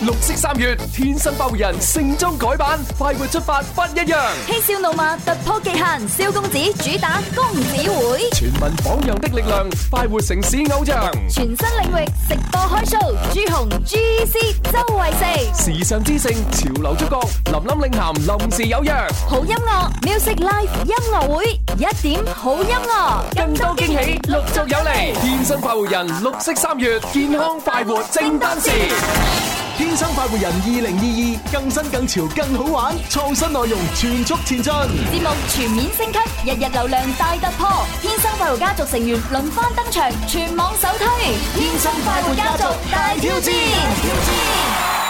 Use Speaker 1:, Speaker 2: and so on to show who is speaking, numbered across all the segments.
Speaker 1: 綠色三月，天生快活人盛裝改版，快活出發不一樣。嬉笑怒罵突破極限，蕭公子主打公子會，全民榜樣的力量，快活城市偶像。全新領域直播開 show，朱紅、G C、周慧思。時尚之盛，潮流觸覺，林林領銜，臨時有約。好音樂，music live 音樂會，一點好音樂，更多驚喜陸續有嚟。天生快活人，綠色三月，健康快活正當時。
Speaker 2: 天生快活人二零二二更新更潮更好玩，創新內容全速前進，節目全
Speaker 1: 面升級，日日流量大突破，天生快活家族成員輪番登場，全網首推天生快活家族大挑戰
Speaker 3: 挑戰。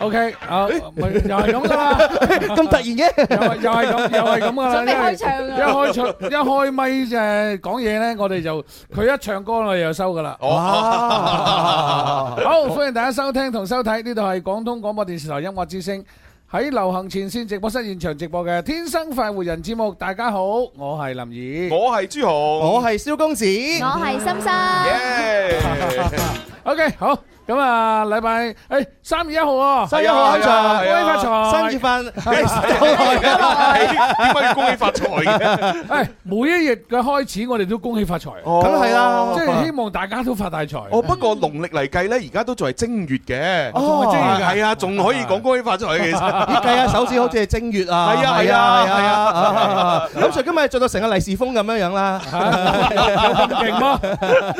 Speaker 4: O K，好，咪又係咁得啦，咁突然嘅，又又係咁，又係咁噶啦，一開唱，一開唱，一開咪就講嘢咧，我哋就佢一唱歌我哋就收噶啦，哇，好歡迎大家收聽同收睇呢度係廣東廣播電視台音樂之聲喺流行前線直播室現場直播嘅《天生快活人》節目，大家好，我係林怡，我係朱豪，我係蕭公子，我係心心，O K，好。咁啊，禮拜誒三月一號啊，三月一號開財，恭喜發財，三月份。點
Speaker 5: 解要恭喜發
Speaker 4: 財嘅？
Speaker 5: 誒，每一日嘅開始，我哋都恭喜發財。哦，係啊，即係希望大家都發大財。哦，不過農曆嚟計咧，而家都仲係正月嘅。哦，正月係啊，仲可以講恭喜發財嘅。其實你計下手指，好似係正月啊。係啊，係啊，係啊。
Speaker 6: 咁就今日做到成個利是風咁樣樣啦。咁
Speaker 3: 勁咯。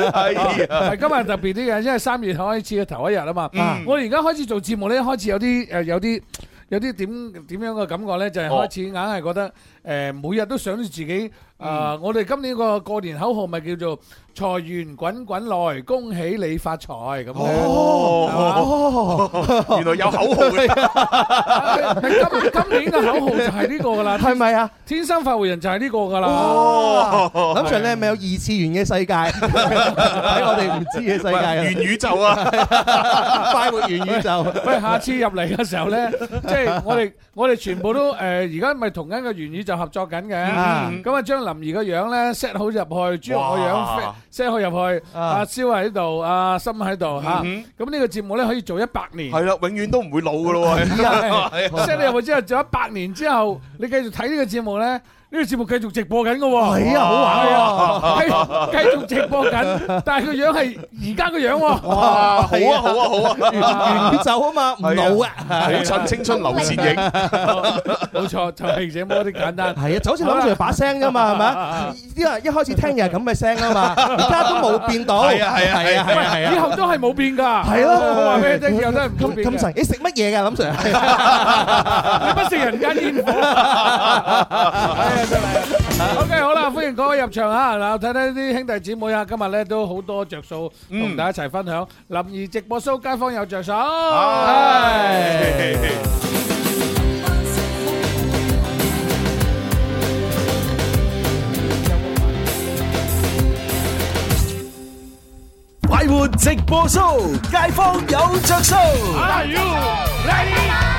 Speaker 3: 係啊。
Speaker 4: 係今日特別啲嘅，因為三月開始。一頭一日啊嘛，嗯、我而家開始做節目咧，開始有啲誒，有啲有啲點點樣嘅感覺咧，就係、是、開始硬係覺得。誒，每日都想住自己。誒、呃，我哋今年個過年口號咪叫做財源滾滾來，恭喜你發財咁樣哦，哦啊、原來有口號。今 今年個口號就係呢個噶啦。係咪啊？天生快
Speaker 6: 活人就係呢個噶啦。哦，諗住你係咪有二次元嘅世界？喺、啊、 我哋唔知嘅世界。元宇宙啊！ 快活元宇宙喂。喂，下次入嚟嘅時候咧，
Speaker 4: 即係 我哋。我哋全部都誒，而家咪同緊個粵語就合作緊嘅。咁啊將林兒個樣咧 set 好入去，豬肉個樣 set 好入去，阿肖喺度，阿森喺度嚇，咁呢個節目咧可以做一百年，係啦，
Speaker 5: 永遠都唔會老噶咯喎，set 你
Speaker 4: 入去之後，做一百年之後，你繼續睇呢個節目咧？呢個節目繼續直播緊噶喎，係啊，好玩啊，繼繼續直播緊，但係個樣係而家個樣喎，好啊，好啊，好，宇宙啊嘛，唔老啊，好趁青春留倩影，
Speaker 5: 冇錯，就係這麼啲簡單，係啊，就好似林 sir 把聲噶嘛，係咪？
Speaker 6: 啲人一開始聽又係咁嘅聲啊嘛，而家都冇變到，係啊，係啊，係啊，以後都係冇變噶，係咯，冇話咩嘢，以後真係唔冚變，咁神，你食乜嘢嘅林 sir？你不食人間煙火。
Speaker 4: O K，好啦，歡迎各位入場啊！嗱，睇睇啲兄弟姊妹啊，今日咧都好多着數，同大家一齊分享。林怡直播 show，街坊有着數。
Speaker 2: 快活直播 show，街坊有着數。
Speaker 7: Ready。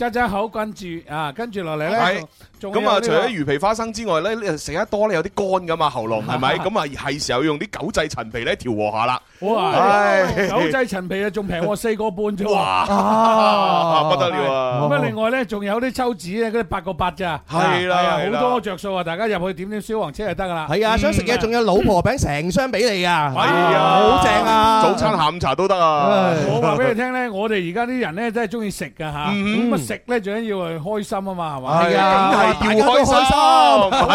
Speaker 4: 真真好關注啊！跟
Speaker 5: 住落嚟咧，
Speaker 4: 咁啊，除咗魚
Speaker 5: 皮花生之外咧，食得多咧有啲乾噶嘛，喉嚨係咪？咁啊，係時候用啲九製陳皮咧調和下啦。好啊，九製
Speaker 4: 陳皮啊，仲平過四個半啫。哇！不得了啊！咁啊，另外咧，仲有啲抽紙咧，
Speaker 6: 嗰啲八個八咋。
Speaker 4: 係啦，係啦，好多著數啊！大家入去點啲消防車就得噶啦。係啊，想食嘢
Speaker 6: 仲有老婆餅成箱俾你啊。係啊，好正啊！早餐下午茶都得啊。
Speaker 4: 我話俾你聽咧，我哋而家啲人咧真係中意食㗎嚇。食咧最緊要係開心啊嘛，係
Speaker 5: 嘛？係啊，梗係要開心。
Speaker 4: 我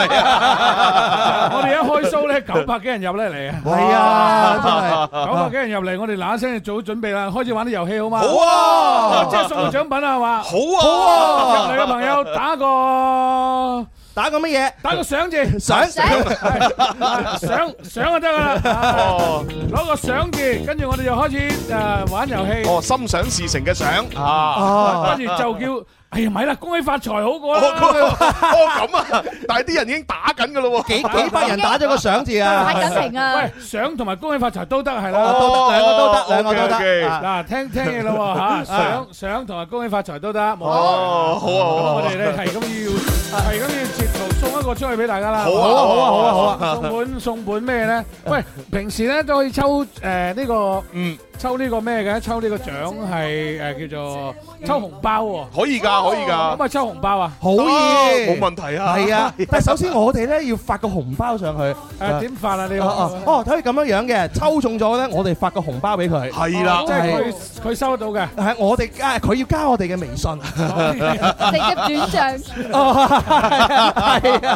Speaker 4: 哋一開 show 咧，九百幾人入咧嚟啊！係啊，真係九百幾人入嚟，我哋嗱一聲做好準備啦，開始玩啲遊戲好嗎？好啊！即係送個獎品啊
Speaker 6: 嘛！好啊！好啊！入嚟嘅朋友打個～打，打個乜嘢？打個想字，想想
Speaker 4: 想想就得噶啦。哦，攞個想字，跟住我哋就開始誒、呃、玩遊戲。哦，
Speaker 5: 心想事成嘅想。啊，跟住、啊、就
Speaker 4: 叫。 係啊，唔係啦，恭喜發財好
Speaker 5: 過啦。哦咁啊，但係啲人已經打緊嘅咯，幾幾班人打咗個相字啊，係啊。喂，
Speaker 4: 相同埋恭喜發財都得係啦，兩個都得，兩個都得。嗱，聽聽嘢咯吓，嚇，相相同埋恭喜發財都得。好，好啊，我哋咧係咁要，係咁要接住。個出去俾大家啦，好啊好啊好啊好啊！送本送本咩咧？喂，平時咧都可以抽誒呢個嗯抽呢個咩嘅？抽呢個獎係誒叫做抽紅包喎，可以噶，可以噶，咁啊
Speaker 6: 抽紅包啊，可以冇問題啊，係啊！但係首先我哋咧要發個紅包上去，誒點發啊？你哦哦，睇咁樣樣嘅，抽中咗咧，我哋發個紅包俾佢，係啦，即係佢佢收得到嘅，係我哋加佢要加我哋嘅微信，直
Speaker 5: 接轉賬，
Speaker 6: 係啊。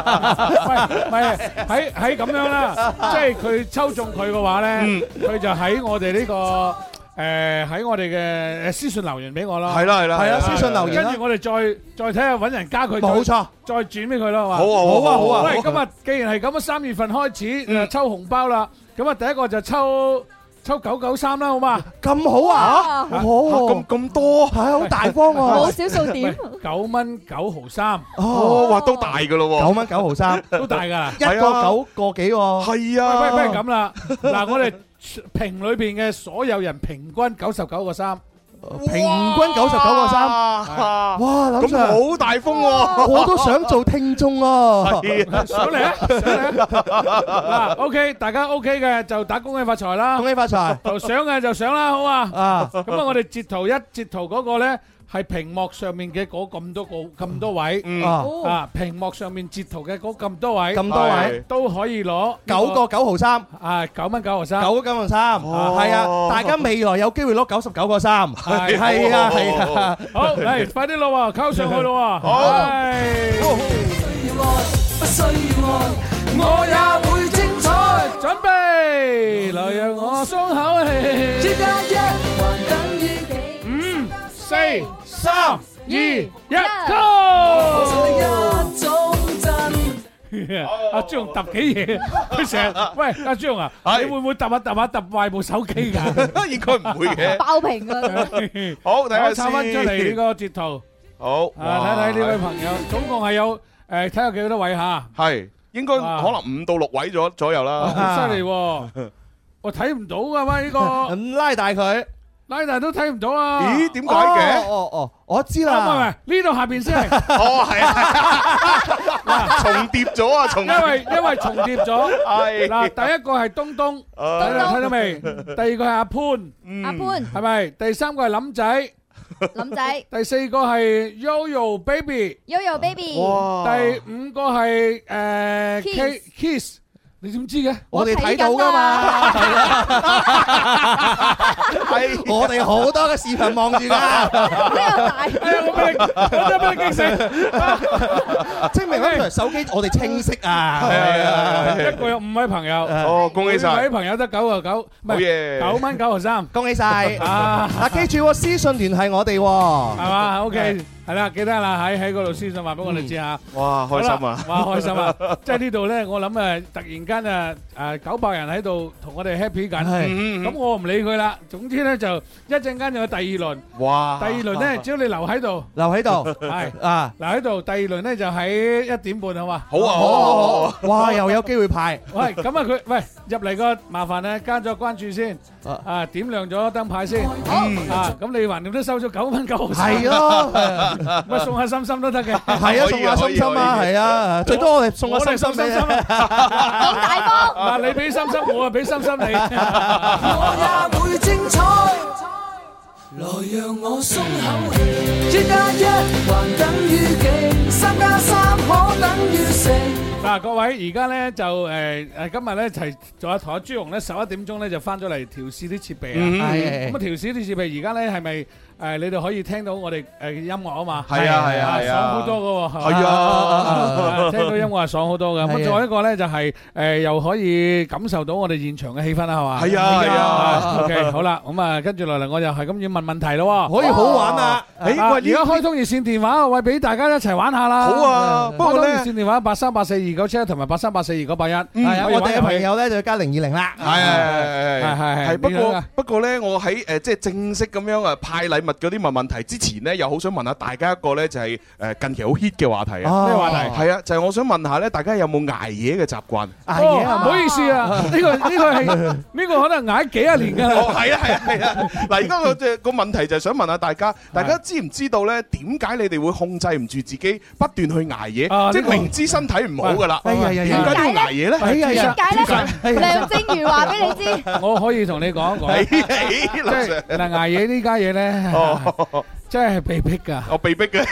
Speaker 6: 唔係唔喺喺咁樣啦，
Speaker 4: 即係佢抽中佢嘅話咧，佢、 嗯、就喺我哋呢、這個誒，喺、呃、我哋嘅私信留言俾我啦。係啦係啦，係啊私信留言，跟住我哋再再睇下搵人加佢，冇錯，再看看轉俾佢啦，好啊好啊好啊，喂、啊，今日、啊啊啊嗯、既然係咁啊，三月份開始就抽紅包啦，咁啊、嗯、第一個就抽。收九九三啦，好嘛？咁好啊？哦，咁
Speaker 5: 咁多係啊，好大方哦！冇小數點，
Speaker 4: 九蚊九毫
Speaker 5: 三。哦，哇，都大噶咯，九蚊九毫三都大噶啦，一個九
Speaker 4: 個幾？係啊，咁啦。嗱，我哋評裏邊嘅所有人平均九十九
Speaker 6: 個三。平
Speaker 4: 均九十九個三，
Speaker 5: 哇！咁好、嗯、大風喎、
Speaker 6: 啊，我都想做聽眾啊，上嚟啊！上嚟啊！
Speaker 4: 嗱、 啊，OK，大家 OK 嘅就打恭喜發財啦，恭喜發財就上嘅就上啦，好嘛？啊，咁啊，我哋截圖一截圖嗰個咧。係屏幕上面嘅嗰咁多個咁多位啊！屏幕上面截圖嘅嗰咁多位，咁多位都可以攞九個
Speaker 6: 九毫三啊，九蚊九毫三，九個九毫三，係啊！大家未來有機會攞九十九個三，係啊係啊！好，嚟快啲攞啊，扣上去咯喎！
Speaker 7: 好，我會精彩，準備來讓我鬆口氣。一加一還等於幾？五四。三二一，Go！
Speaker 4: 阿張揼幾嘢？
Speaker 7: 佢成
Speaker 4: 日喂阿張啊，你會唔會揼下揼下揼壞部手機噶？應該唔會嘅，爆屏啊！
Speaker 5: 好，大家翻出嚟呢個截圖，好啊，睇睇呢位朋友總共係有誒，睇下幾多位吓？係應該可能五到六位左左右啦。犀利，我
Speaker 4: 睇唔到噶嘛呢個，拉大佢。奶奶都睇唔到啊！咦？點解嘅？哦哦，我知啦。唔係唔係，呢度下邊先係。哦，係
Speaker 5: 啊。嗱，重疊咗啊！因為因為重疊咗。係。嗱，第一個係東東，睇到睇到未？
Speaker 4: 第二個係阿潘，阿潘係咪？第三個係林仔，林仔。第四個係 YoYo Baby，YoYo
Speaker 7: Baby。哇！第
Speaker 4: 五個係誒 K Kiss。你點知嘅？
Speaker 6: 我哋睇到噶嘛？係，我哋好多嘅視頻望住噶。呢個係，呢個咩？我真係激死！證明嗰台手機我哋清晰啊！係啊，係啊，一共有五位朋友。哦，恭喜晒！五位朋友得九啊九，唔係九蚊九毫三，恭喜晒！啊，嗱，記住私信聯繫我哋，係嘛？OK。
Speaker 4: 係啦，記得啦，喺喺嗰度，先生話俾我哋知吓。哇，開心啊！哇，開心啊！即係呢度咧，我諗誒，突然間誒誒九百人喺度同我哋 happy 緊，咁我唔理佢啦。總之咧就一陣間就有第二輪。
Speaker 7: 哇！第二輪咧，只
Speaker 4: 要你留喺度，留喺度係啊，留喺度。第二輪咧就喺一點半好嘛？好啊，好啊，好！哇，又有機會派。喂，咁啊佢，喂入嚟個麻煩咧，加咗關注先，啊點亮咗燈牌先。好啊，咁你橫掂都收咗九蚊九毫錢。係咯。咪送下心心都得嘅，係啊，送下心心啊，係啊，最多
Speaker 6: 我哋送下心
Speaker 4: 心心啦，咁大方。嗱，你俾心心，我啊俾心心你。我
Speaker 7: 也會精彩，來讓我鬆口氣。一加一還等於幾，三加三可等
Speaker 4: 於啊各位，而家咧就誒誒，今日咧一齊仲有同阿朱紅咧，十一點鐘咧就返咗嚟調試啲設備啊。咁啊，調試啲設備，而家咧係咪？誒，你哋可以聽到我哋誒音樂啊嘛，係啊係啊係啊，爽好多噶喎，係啊，聽到音樂係爽好多㗎。我再一個咧就係，誒又可以感受到我哋現場嘅氣氛啦，係嘛？係啊，OK，好啦，咁啊跟住落嚟，我又係咁要問問題咯，可以好玩啊！誒，而家開通熱線電話，我俾大家一齊玩下啦。好啊，不過咧熱線電話八三八四二九七一同埋八三八四二九八一，嗯，我哋嘅朋友
Speaker 6: 咧就加零二零啦。係
Speaker 4: 係係係係，不過
Speaker 5: 不過咧，我喺誒即係正式咁樣啊派禮物。嗰啲問問題之前咧，又好想問下大家一個咧，就係誒近期好 hit 嘅話題啊。咩話題？係啊，就係我想問下咧，大家有冇捱夜嘅習慣？捱
Speaker 4: 夜啊！唔好意思啊，呢個呢個係
Speaker 5: 呢個可能捱幾十年㗎啦。哦，係啊係啊係啊！嗱，而家個即係個問題就係想問下大家，大家知唔知道咧，點解你哋會控制唔住自己不斷去捱夜？即係明知身體唔好㗎啦。點解都捱夜咧？點解咧？梁靜茹話俾你知。我可以同你講一講。即係嗱，捱夜呢
Speaker 4: 家嘢咧。哎、真係被逼噶，我被逼嘅。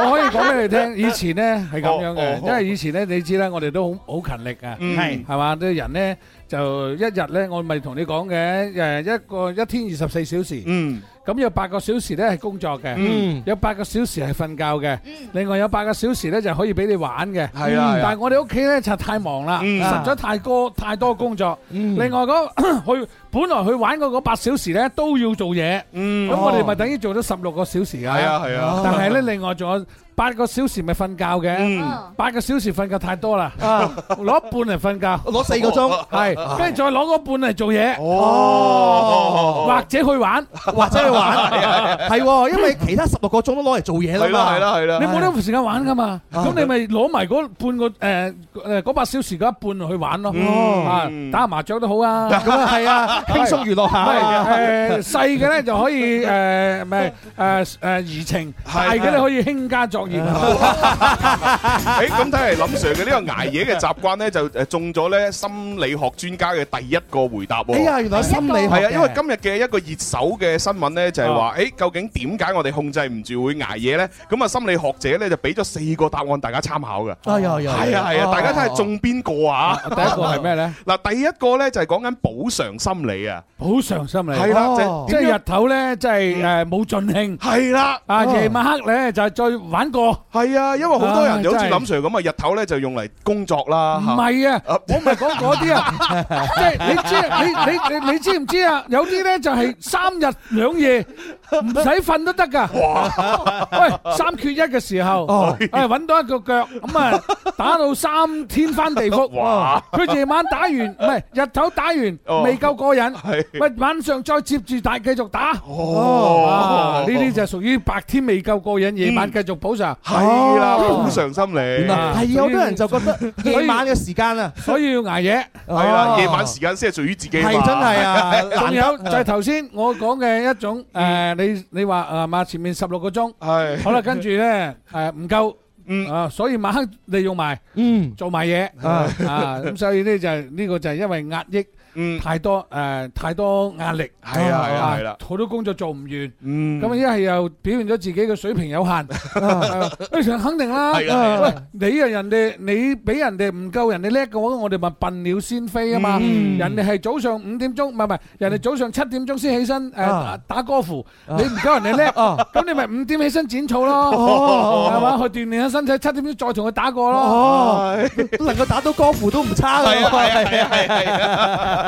Speaker 4: 我可以講俾你聽，以前呢係咁樣嘅，哦哦、因為以前呢，你知啦，我哋都好好勤力噶，係係嘛，啲人呢，就一日呢，我咪同你講嘅，誒，一個一天二十四小時，咁、嗯、有八個小時呢係工作嘅，嗯、有八個小時係瞓覺嘅，另外有八個小時呢就可以俾你玩嘅。嗯、但係我哋屋企呢，就太忙啦，嗯、實在太多太多工作，嗯、另外嗰、嗰個、去。本來去玩嗰嗰八小時咧都要做嘢，咁我哋咪等於做咗十六個小時噶。係啊係啊。但係咧，另外仲有八個小時咪瞓覺嘅，八個小時瞓覺太多啦，攞一
Speaker 6: 半嚟瞓覺，攞四個鐘係，跟住再攞個半嚟做嘢，或者去玩，或者去玩係，係，係，因為其他十六個鐘都攞嚟做嘢啦嘛，係啦係啦係啦。你冇得
Speaker 4: 時間玩噶嘛，咁你咪攞埋嗰半個誒誒嗰八小時嘅一半去玩咯，打下麻雀都好啊，係啊。輕鬆娛樂下，誒細嘅咧就可以誒咪誒誒怡情，大嘅咧可以興家作業。
Speaker 5: 誒咁睇嚟，林 Sir 嘅呢個捱夜嘅習慣咧就誒中咗咧心理學專家嘅第一個回答。哎呀，原來心理學係啊，因為今日嘅一個熱搜嘅新聞咧就係話，誒究竟點解我哋控制唔住會捱夜咧？咁啊心理學者咧就俾咗四個答案大家參考嘅。哎呀，係啊係啊，大家睇下中邊個啊？第一個係咩咧？嗱，第一個咧就係講緊補償心理。你啊，
Speaker 4: 好上心你，即係日
Speaker 5: 頭咧，即係誒冇盡興，係啦，啊夜晚黑咧就再玩過，係啊，因為好多人就好似林 Sir 咁啊，日頭咧就用嚟工作啦，唔係啊，我唔係講嗰啲啊，
Speaker 4: 即係你知你你你你知唔知啊？有啲咧就係三日兩夜。唔使瞓都得噶，哇！喂，三缺一嘅時候，誒，揾到一個腳咁啊，打到三天翻地覆，佢夜晚打完唔係日頭打完未夠過癮，喂，晚上再接住大繼續打，呢啲就屬於白天未夠過癮，夜晚繼續補償，係啦，補償
Speaker 5: 心理，係有啲人就
Speaker 6: 覺得夜晚嘅時間啊，所以要捱夜，
Speaker 5: 係啦，夜晚時間先係屬於自己，係真係啊，仲有就係
Speaker 6: 頭
Speaker 4: 先我講嘅一種誒。你你話誒，嘛前面十六個鐘係，是好啦，跟住咧誒唔夠，啊，嗯、啊，所以晚黑利用埋，嗯，做埋嘢啊，咁、 啊、所以咧就係、是、呢、這個就係因為壓抑。太多誒，太多壓力，係啊係啊，好多工作做唔完，咁一係又表現咗自己嘅水平有限，誒肯定啦，喂，你啊人哋，你比人哋唔夠人哋叻嘅話，我哋咪笨鳥先飛啊嘛，人哋係早上五點鐘，唔係唔係，人哋早上七點鐘先起身誒打歌符，你唔夠人哋叻，咁你咪五點起身剪草咯，係嘛？去鍛鍊下身體，七點鐘再同佢打過咯，能夠打到歌符都唔
Speaker 6: 差嘅，係啊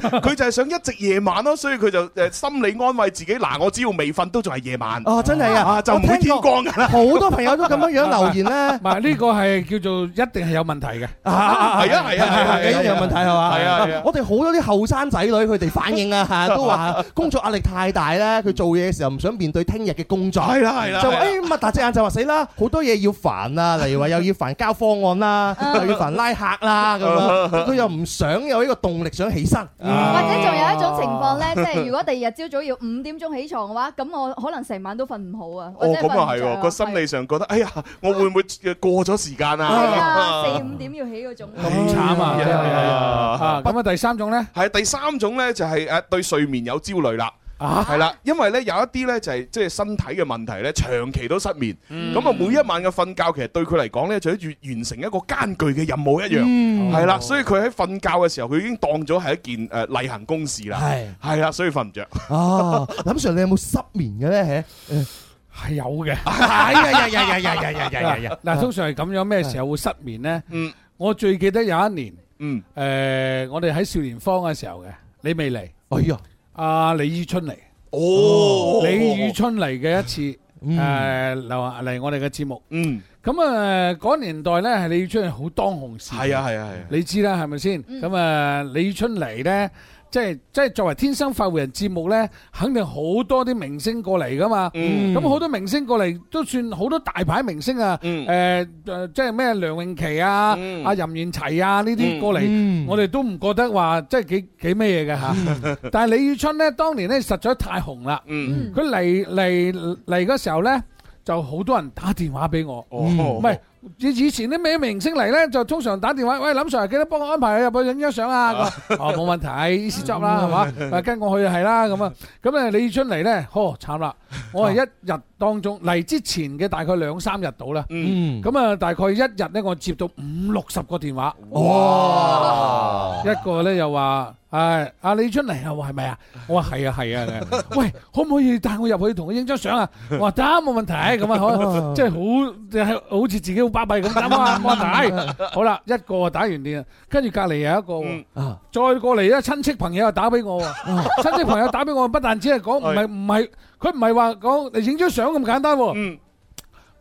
Speaker 5: 佢就係想一直夜晚咯，所以佢就誒心理安慰自己嗱，我只要未瞓都仲係夜晚。哦，真係啊，就唔會天光㗎啦。好多朋友都咁
Speaker 6: 樣樣留言咧。
Speaker 5: 唔係呢個係叫做一定係有問題
Speaker 4: 嘅。係啊係啊係啊，有問題係嘛？係啊！
Speaker 6: 我哋好多啲後生仔女佢哋反應啊嚇，都話工作壓力太大咧，佢做嘢嘅時候唔想面對聽日嘅工作。係啦係啦。就誒咁啊！擘大隻眼就話死啦，好多嘢要煩啊，例如話又要煩交方案啦，又要煩拉客啦咁樣。佢又唔想有呢個動力想起身。或者仲有一種情況咧，即係如果
Speaker 1: 第二日朝早要五點鐘起牀嘅話，咁我可能成晚都瞓唔好啊。哦，咁啊係喎，個
Speaker 5: 心理上覺得，哎呀，我會唔會過咗時間啊？係啊，四五點
Speaker 2: 要起嗰種。
Speaker 5: 咁慘啊！係啊，咁啊，第三種咧，係啊，第三種咧就係誒對睡眠有焦慮啦。啊，係啦，因為咧有一啲咧就係即係身體嘅問題咧，長期都失眠。咁啊，每一晚嘅瞓覺其實對佢嚟講咧，就好似完成一個艱巨嘅任務一樣。係啦，所以佢喺瞓覺嘅時候，佢已經當咗係一件誒例行公事啦。係係啦，所以瞓唔著。
Speaker 6: 啊，林 Sir，你有冇失眠嘅咧？係
Speaker 5: 係有嘅。呀
Speaker 6: 呀呀呀呀呀呀呀呀！嗱，通
Speaker 4: 常係咁樣，咩時候會失眠咧？嗯，我最記得有一年，嗯，誒，我哋喺少年坊嘅時候嘅，你未嚟，哎呀。阿、啊、李宇春嚟，哦，李宇春嚟嘅一次，誒、嗯，劉啊嚟我哋嘅節目，嗯，咁啊嗰年代咧係李宇春係好當紅時，係啊係啊係啊，啊啊你知啦係咪先？咁啊、嗯、李宇春嚟咧。即係即係作為天生發護人節目咧，肯定好多啲明星過嚟㗎嘛。咁好、嗯嗯嗯、多明星過嚟都算好多大牌明星啊。誒誒、嗯呃，即係咩梁詠琪啊、阿、嗯啊、任賢齊啊呢啲過嚟，嗯、我哋都唔覺得話即係幾幾咩嘢嘅嚇。但係李宇春咧，當年咧實在太紅啦。佢嚟嚟嚟嗰時候咧，就好多人打電話俾我。唔係、嗯。哦以前啲咩明星嚟咧，就通常打電話喂，林 Sir 記得幫我安排你入去影張相啊！哦，冇問題，意思執啦，係嘛，跟我去就係啦，咁啊，咁啊，你出嚟咧，呵，慘啦，我係一日當中嚟、啊、之前嘅，大概兩三日到啦，咁啊、嗯，大概一日咧，我接到五六十個電話，哇，哇一個咧又話。係，阿、哎、李春嚟啊？係咪啊？我話係啊，啊，係啊。啊。喂，可唔可以帶我入去同佢影張相啊？我話得，冇問題。咁啊，可，真係好，即係好似自己好巴閉咁打啊，打。好啦，一個打完電，跟住隔籬又一個，嗯、再過嚟咧，親戚朋友又打俾我。親戚朋友打俾我、啊、我，不但只係講，唔係唔係，佢唔係話講你影張相咁簡單、啊。嗯。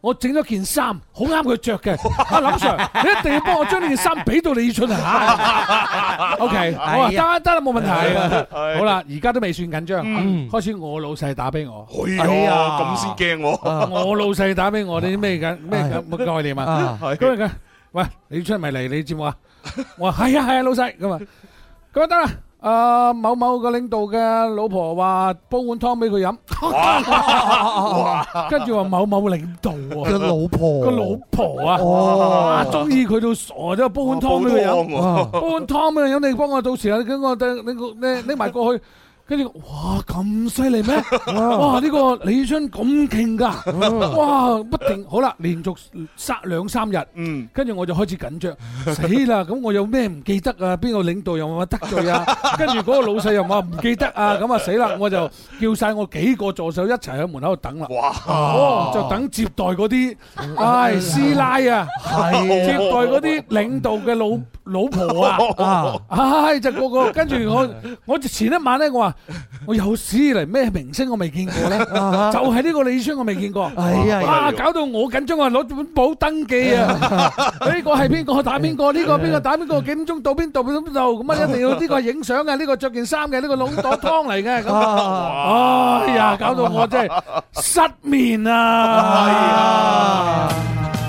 Speaker 4: 我整咗件衫，好啱佢着嘅。阿林 sir，你一定要幫我將呢件衫俾到你出啊。OK，我得啦得啦，冇問題。好啦，而家都未算緊張，開始我老細打俾我。哎呀，咁先驚我。我老細打俾我，你咩緊咩緊？唔該你啊。係。咁樣嘅，喂，你出嚟咪嚟？你接我啊？我話係啊係啊，老細咁啊，咁啊得啦。啊、呃！某某個領導嘅老婆話煲碗湯俾佢飲，跟住話某某領
Speaker 7: 導嘅老婆個老
Speaker 4: 婆啊，中意佢到傻咗，煲碗湯俾佢飲，煲，啊、煲碗湯俾佢飲，你幫我到時啊，咁我拎拎拎埋過去。 跟住，哇咁犀利咩？哇呢個李春咁勁㗎！哇不停，好啦，連續殺兩三日，跟住我就開始緊張，死啦！咁我有咩唔記得啊？邊個領導又話得罪啊？跟住嗰個老細又話唔記得啊？咁啊死啦！我就叫晒我幾個助手一齊喺門口度等啦。哇！就等接待嗰啲師奶啊，接待嗰啲領導嘅老老婆啊，就個個跟住我，我前一晚咧，我話。我有史以嚟，咩明星我未見過咧， 就係呢個李商，我未見過。 哎呀，哇、啊！搞到我緊張，我攞本簿登記 啊。呢、呢個係邊、呢個打邊個？呢個邊個打邊個？幾點鐘到邊度？邊度？咁啊一定要呢個影相嘅，呢個着件衫嘅，呢個攞碗湯嚟嘅。咁哎呀，搞到我真係失眠啊！哎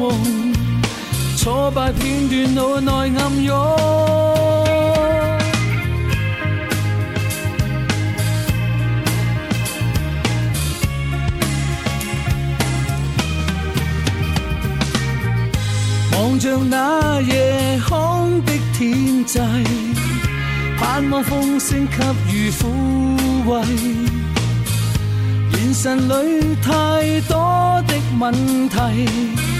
Speaker 7: 夢挫敗片段腦內暗湧， 望着那夜空的天際，盼望風聲給予撫慰。眼神裡太多的問題。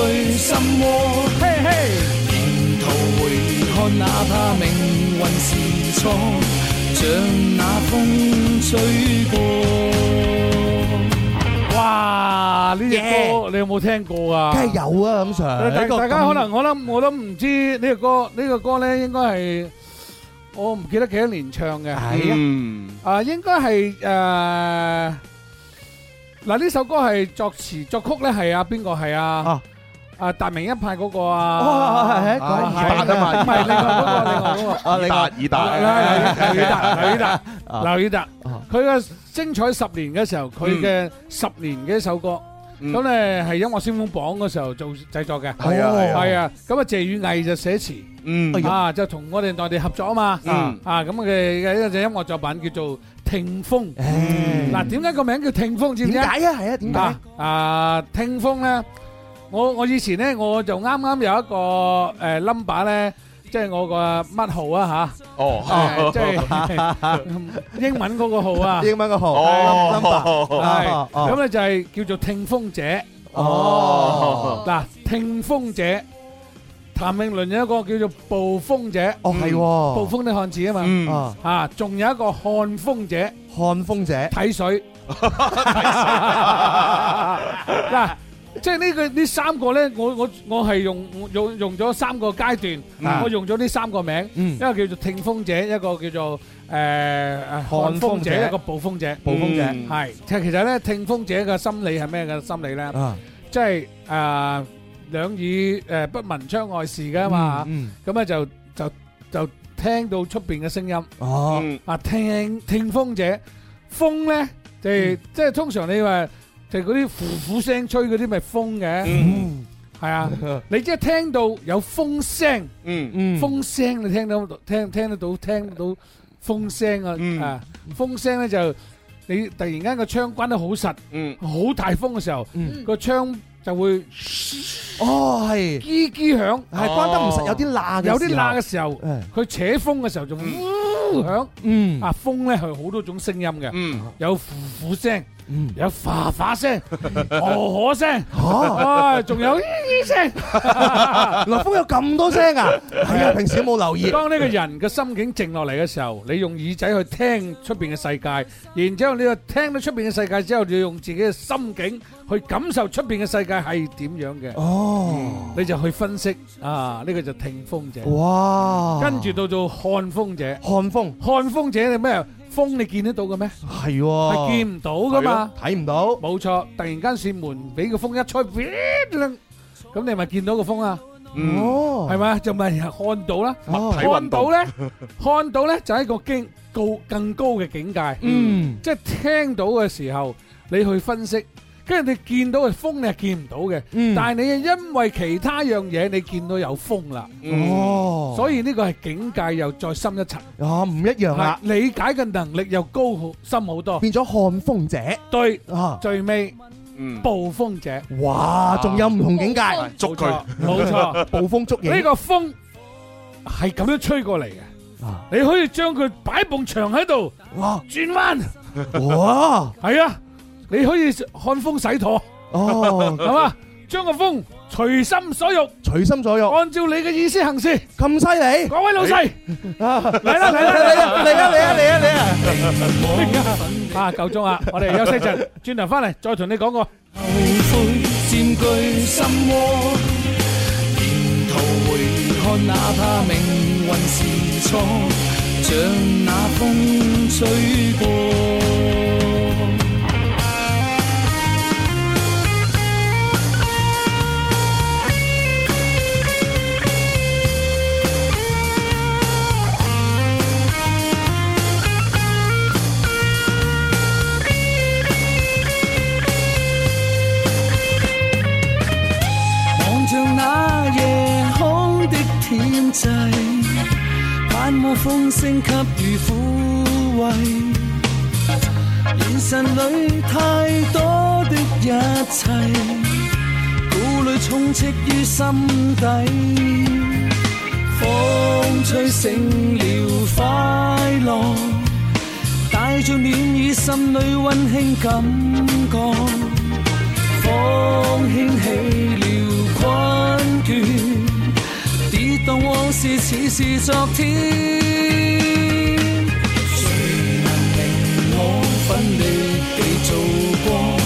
Speaker 7: 最心窩，嘿嘿！沿途回看，哪怕命運是錯，像那風吹過。哇！
Speaker 4: 呢隻歌你有冇聽過啊？梗係有啊，咁 Sir、這個。大家可能，我諗這樣 我都唔知呢個歌，呢個歌咧應該係我唔記得幾多年唱嘅。係啊，啊、嗯、應該係誒嗱呢首歌係作詞作曲咧係啊，邊個係啊？啊！達明一派嗰個啊，係係以達啊嘛，唔係另外嗰個，
Speaker 5: 另外嗰個啊，以達以達，劉
Speaker 4: 以達，劉以達。佢嘅精彩十年嘅時候，佢嘅十年嘅一首歌，咁咧係音樂先鋒榜嗰時候做製作嘅，係啊係啊。咁啊，謝宇毅就寫詞，嗯啊，就同我哋內地合作啊嘛，啊啊咁嘅嘅一隻音樂作品叫做聽風。嗱，點解個名叫聽風先啫？點解啊？係啊？點解啊？聽風咧？我我以前咧，我就啱啱有一個誒 number 咧，即係我個乜號啊嚇？哦，即係英文嗰個號啊！英文個號 number 係，咁咧就係叫做聽風者。哦，嗱，聽風者，譚詠麟有一個叫做暴風者。哦，係喎，暴風的漢字啊嘛。嗯，啊，仲有一個看風者，看風者睇水。嗱。即係呢個呢三個咧，我我我係用用用咗三個階段，我用咗呢三個名，一個叫做聽風者，一個叫做誒看風者，一個捕風者。捕風者係其實咧，聽風者嘅心理係咩嘅心理咧？即係誒兩耳誒不聞窗外事噶嘛，咁咧就就就聽到出邊嘅聲音。哦，啊聽聽風者，風咧就係即係通常你話。就係嗰啲呼呼聲吹嗰啲咪風嘅，係啊！你即係聽到有風聲，嗯嗯，風聲你聽到聽聽得到聽到風聲啊，啊風聲咧就你突然間個窗關得好實，嗯，好大風嘅時候，個窗就會，哦係，嘰嘰響，係關得唔實，有啲罅，有啲罅嘅時候，佢扯風嘅時候仲會響，嗯，啊風咧係好多種聲音嘅，嗯，有呼呼聲。嗯，有嘩嘩聲、哦哦聲，吓，仲有咿咿聲。樂風有咁多聲啊？係啊，平時冇留意。當呢個人嘅心境靜落嚟，嘅時候，你用耳仔去聽出邊嘅世界，然之後你又聽到出邊嘅世界之後，你要用自己嘅心境去感受出邊嘅世界係點樣嘅。哦，你就去分析啊，呢個就聽風者。哇！跟住到做看風者。
Speaker 6: 看風，看風者係
Speaker 4: 咩？風你見得到嘅咩？
Speaker 6: 係，係見
Speaker 4: 唔到噶嘛？睇唔到，冇錯。突然間扇門，俾個風一吹，咁你係咪見到個風啊？哦，係咪啊？就咪係看到啦。睇到咧，看到咧，就係一個驚高更高嘅境界。嗯，即係聽到嘅時候，你去分析。跟住你見到嘅風，你係見唔到嘅，但係你因為其他樣嘢你見到有風啦，哦，所以呢個係境界又再深一層，
Speaker 6: 啊，唔一樣啦，
Speaker 4: 理解嘅能力又高好深好多，變咗看風者，對，最尾捕風者，哇，仲有唔同境界捉佢，冇錯，捕風捉影，呢個風係咁樣吹過嚟嘅，你可以將佢擺埲牆喺度，哇，轉彎，哇，係啊。你可以看風使舵哦，係嘛？將個風隨心所欲，隨心所欲。按照你
Speaker 6: 嘅意思行事，咁犀利，各位老細，嚟啦嚟啦嚟啦嚟啦嚟啦嚟啦嚟
Speaker 4: 啦！啊，夠鐘啊，我哋休息陣，轉頭翻嚟再同你講個。
Speaker 7: 像那夜空的天際，盼望風聲給予撫慰。眼神裏太多的一切，顧慮充斥於心底。風吹醒了快樂，帶着暖意，心裏溫馨感覺。風輕起了。溫存，跌宕往事似是昨天。誰能明我奮力地做過？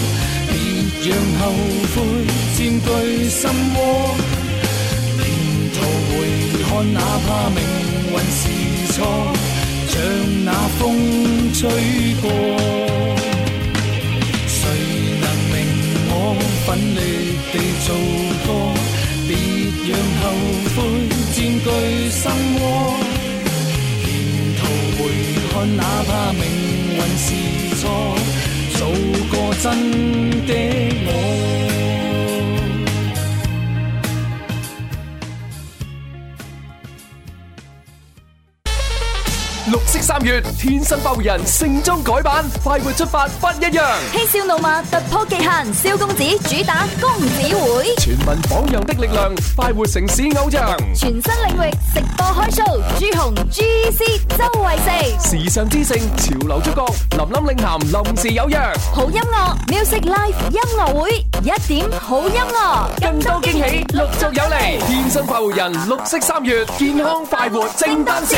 Speaker 7: 別讓後悔佔據心窩。沿途回看，哪怕命運是錯，像那風吹過。做過，別讓後悔佔據心窩，沿途回看，哪怕命運是錯，做個真的我。
Speaker 1: 月天生快活人盛裝改版，快活出發不一樣，嬉笑怒罵突破極限，蕭公子主打公子會，全民榜樣的力量，快活城市偶像，全新領域直播開 show，朱紅 G C 周慧思，時尚之盛潮流觸角，林林領銜臨時有約，好音樂 Music Life 音樂會一點好音樂，更多驚喜陸續有嚟，天生快活人綠
Speaker 2: 色三月健康快活正當時。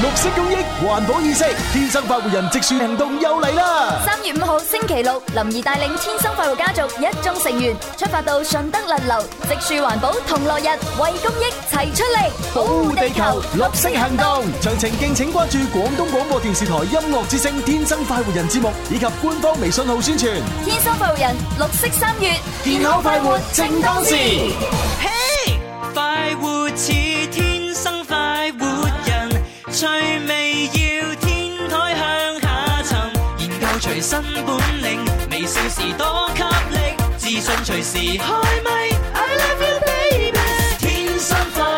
Speaker 2: 綠色公益，環保意識，天生快活人，植樹行動又嚟啦！三
Speaker 1: 月五號星期六，林怡帶領天生快活家族一眾成員出發到順德勒流，植樹環保同樂日，為公益
Speaker 2: 齊出力，保護地球，綠色行動。詳情敬請關注廣東廣播電視台音樂之聲天生快活人節目以及官方微信號宣傳。
Speaker 1: 天生快活人，
Speaker 7: 綠色三月，健康快活正當時。嘿，快活似天生快活人。趣味要天台向下沉，研究隨身本領，微笑時多給力，自信隨時開咪，I love you baby，天生。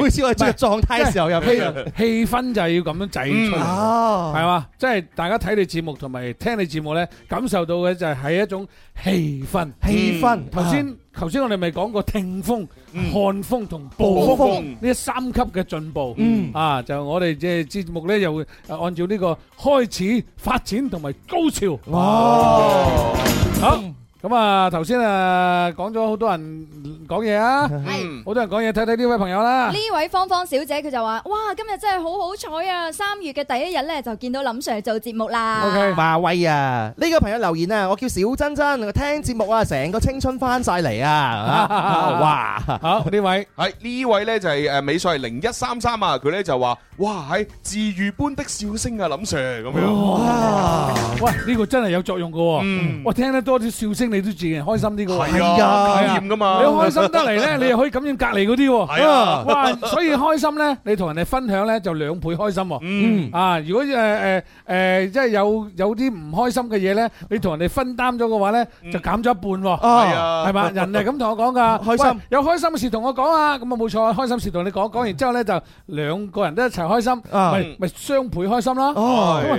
Speaker 4: 每次我係最狀態嘅時候，又非常氣氛就係要咁樣擠出嚟，係嘛？即係大家睇你節目同埋聽你節目咧，感受到嘅就係係一種氣氛。氣氛頭先頭先，我哋咪講過聽風、看風同暴風呢三級嘅進步。嗯啊，就我哋即係節目咧，又會按照呢個開始、發展同埋高潮。哦。好。咁啊，頭先啊，講咗好多人講嘢啊，係是，好、
Speaker 6: 嗯、多人講嘢，睇睇呢位朋友啦。呢
Speaker 1: 位芳芳小姐，佢就話：，哇，今日真係好好彩啊！三月嘅第一日咧，就見到林 Sir 做節目啦。OK，
Speaker 6: 華威啊，呢、這個朋友留言啊，我叫小珍,珍，真，聽節目啊，成個青春翻晒嚟啊！ 哇，
Speaker 5: 好呢位，係呢 位咧就係誒，美術零一三三啊，佢咧就話。哇！係治癒般的笑聲啊，林 Sir 咁樣。哇！
Speaker 4: 喂，呢個真係有作用嘅。嗯。我聽得多啲笑聲，你都自然開心啲嘅。係啊。感染噶嘛。你開心得嚟咧，你又可以感染隔籬嗰啲。係啊。所以開心咧，你同人哋分享咧就兩倍開心。嗯。啊！如果誒誒誒，即係有有啲唔開心嘅嘢咧，你同人哋分擔咗嘅話咧，就減咗一半。係啊。係嘛？人哋咁同我講噶。開心。有開心事同我講啊！咁啊冇錯，開心事同你講，講完之後咧就兩個人都一齊開心，咪咪雙倍開心啦！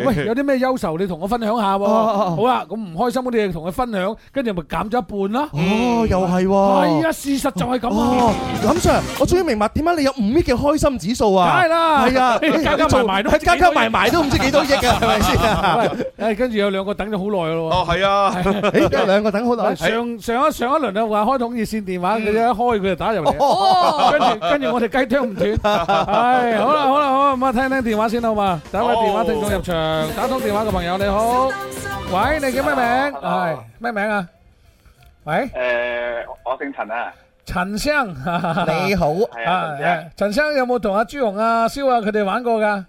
Speaker 4: 喂，有啲咩憂愁你同我分享下？好啦，咁唔開心嗰啲嘢同佢
Speaker 6: 分享，跟住咪減咗一半啦！哦，又係喎！係啊，事實就係咁啊！林 Sir，我終於明白點解你有五億嘅開心指數啊！梗係啦，係啊，加加埋埋都加加埋埋都唔知幾多億啊！係
Speaker 4: 咪先？誒，跟住有兩個等咗好耐咯！哦，係啊，兩個等好耐。上上一上一輪啊，話開通熱線電話，佢一開佢就打入嚟，跟住跟住我哋雞啄唔斷。係，好啦，好啦，好。咁啊，聽聽電話先好嘛？等位電話聽眾入場，打通電話嘅朋友你好，喂，你叫咩名？係咩名啊？喂，誒，我姓陳啊，陳生，你好啊，陳生，有冇同阿朱紅、阿蕭啊佢哋玩過㗎？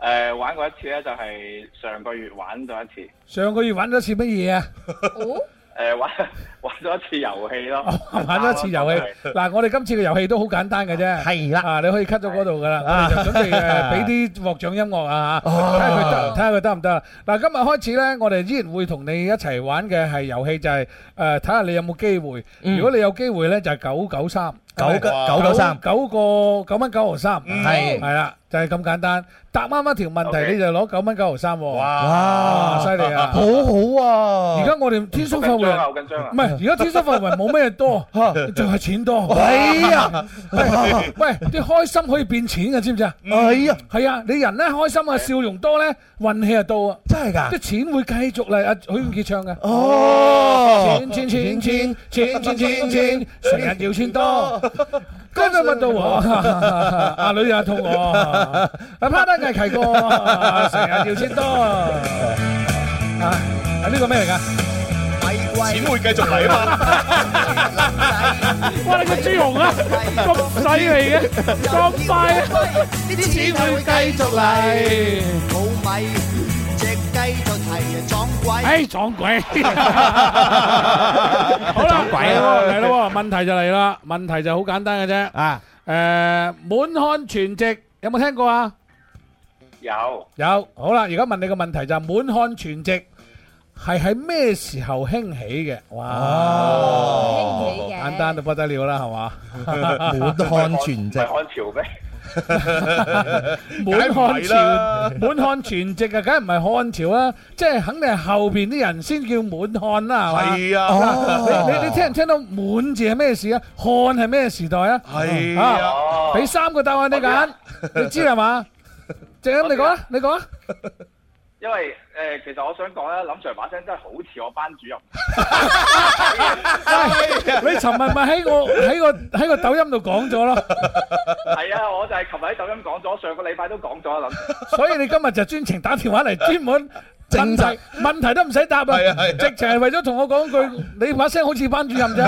Speaker 5: 誒，玩過一次咧，就係上個月玩咗一次。
Speaker 4: 上個月玩咗一次乜嘢啊？
Speaker 5: 誒，玩玩咗一次遊戲咯， 玩咗一次遊戲。嗱，
Speaker 4: 我哋今次嘅遊戲都好簡單嘅啫，係啦的、啊，你可以 cut 咗嗰度噶啦，的我就準備俾啲獲獎音樂啊吓，睇下佢得，睇下佢得唔得。嗱，今日開始咧，我哋依然會同你一齊玩嘅係遊戲，就係、是、誒，呃、睇下你有冇機會。如果你有機會咧，就係九九三。九九九三，九個九蚊九毫三，係係啦，就係咁簡單。答啱一條問題，你就攞九蚊九毫三。哇，犀利啊，好好啊！而家我哋天生範圍好緊張啊，唔係，而家天生範圍冇咩多，就係錢多。哎呀，喂，啲開心可以變錢嘅，知唔知啊？哎呀，係啊，你人咧開心啊，笑容多咧，運氣啊到啊，真係噶，即錢會繼續嚟啊，可以結賬嘅。哦，錢錢錢錢錢錢錢，人人掉錢多。高到乜都，阿女又痛我，阿 partner 又契
Speaker 6: 哥，成日條錢多，係呢個咩嚟噶？
Speaker 5: 米貴！錢會繼續嚟啊嘛！哇，你個豬紅啊，咁犀利嘅，咁快啊！
Speaker 6: 呢啲錢會繼續嚟，
Speaker 5: 冇米。撞鬼！哎，
Speaker 4: 撞鬼！好啦，撞鬼嚟咯，問題就嚟啦，問題就好簡單嘅啫啊！誒，滿漢全席有冇聽過啊？有有，好啦，而家問你個問題就係滿漢全席係喺咩時候興起嘅？哇！興起嘅，簡單到不得了啦，係嘛？滿漢全席係
Speaker 3: 漢朝咩？
Speaker 4: 滿漢全滿漢全席啊，梗係唔係漢朝啊，即係肯定係後邊啲人先叫滿漢啦。係
Speaker 5: 咪？係啊，你
Speaker 4: 你聽唔聽到滿字係咩事啊？漢係咩時代啊？係啊，啊，俾三個答案你揀，你，你知係嘛？鄭，你講啊，你講。
Speaker 1: 因為。誒，其實我想講咧，林 Sir 把聲真
Speaker 4: 係好似我班主任。你尋日咪喺我喺個喺個抖音度講咗咯，
Speaker 1: 係啊， 我就係尋日喺抖音講咗，上個禮拜都講咗啦。
Speaker 4: 所以你今日就專程打電話嚟，專門。問題，問題都唔使答啊！直情係為咗同我講句，你把聲好似班主任啫。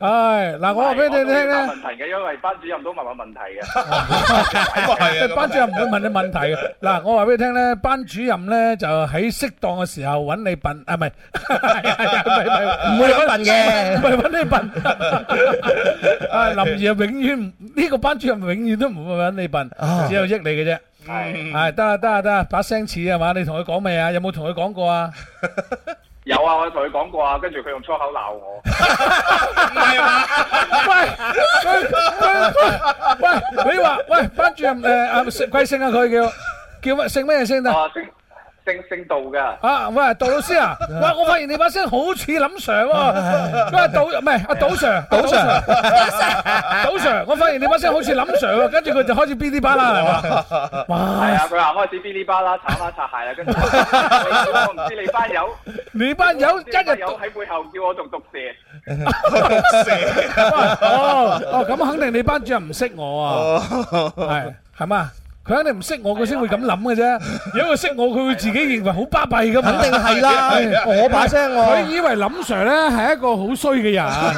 Speaker 4: 唉，嗱，我話俾你聽咧。問題嘅，因為班主任都問我問題嘅。班主任唔會問你問題嘅。嗱，我話俾你聽咧，班主任咧就喺適當嘅時候揾你笨啊，唔係唔會揾你笨嘅，唔係揾你笨。林怡永遠呢個班主任永遠都唔會揾你笨，只有益你嘅啫。係，係得啊，得啊，哎，得啊，把聲似啊。嘛？你同佢講未啊？有冇同佢講過啊？
Speaker 1: 有 啊 ，
Speaker 4: 我同佢講過啊，跟住佢用粗口鬧我。係嘛？喂，喂，你話喂班主任誒，阿姓貴姓啊？佢、啊、叫叫乜？姓咩姓啊？啊姓姓姓杜噶，啊喂，杜老師啊，喂，我發現你把聲好似林 Sir 喎，喂，杜唔係阿杜 Sir，杜 Sir，杜 Sir，我發現你把聲好似林 Sir 喎，跟住佢就開始嗶哩吧啦係嘛？係啊，佢話開始嗶哩吧啦，擦花擦鞋啦，跟住我唔
Speaker 1: 知你班友，
Speaker 4: 你班友一日有喺背後叫我做毒蛇，毒蛇，哦哦，咁肯定你班主任唔識我啊，係係嘛？佢肯定唔識我，佢先會咁諗嘅啫。如果佢識我，佢會自己認為好巴閉噶嘛？肯定係啦，我把聲我。佢以
Speaker 6: 為林 Sir 咧係一個好衰嘅人，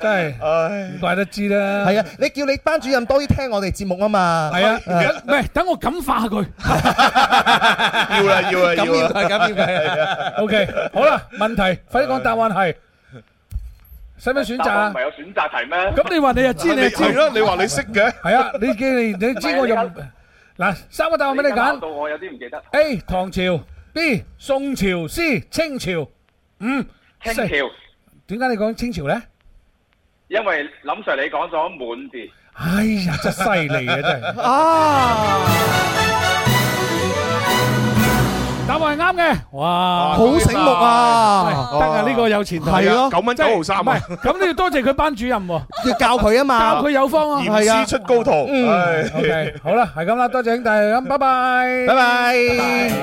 Speaker 4: 真係唔怪得知啦。係啊，
Speaker 6: 你叫你班主任多啲聽我哋節目啊嘛。係啊，唔係等我感化佢。
Speaker 4: 要啦，要啦，要啦。咁要計，咁要計。O K，好啦，問題，快啲講答案係。使唔使選擇啊？唔係
Speaker 5: 有選擇題咩？咁你話你又知你知咯？你話你識
Speaker 4: 嘅？係啊，你嘅你你知我用嗱三個答案俾你揀。答案我有啲唔記得。A，唐朝、B、宋朝、C、清朝、五、清朝。點解你講清朝咧？
Speaker 5: 因為林 sir 你講咗滿字。
Speaker 4: 哎呀！真係犀利啊，真係啊！答案係啱嘅，
Speaker 3: 哇，好醒目啊！得啊，呢個
Speaker 4: 有前途。係咯，九蚊九毫三啊！咁你要多謝佢班主任喎，要教佢啊嘛，教佢有方咯，係啊，名師出高徒。嗯，好啦，係咁啦，多謝兄弟，咁拜拜，拜拜。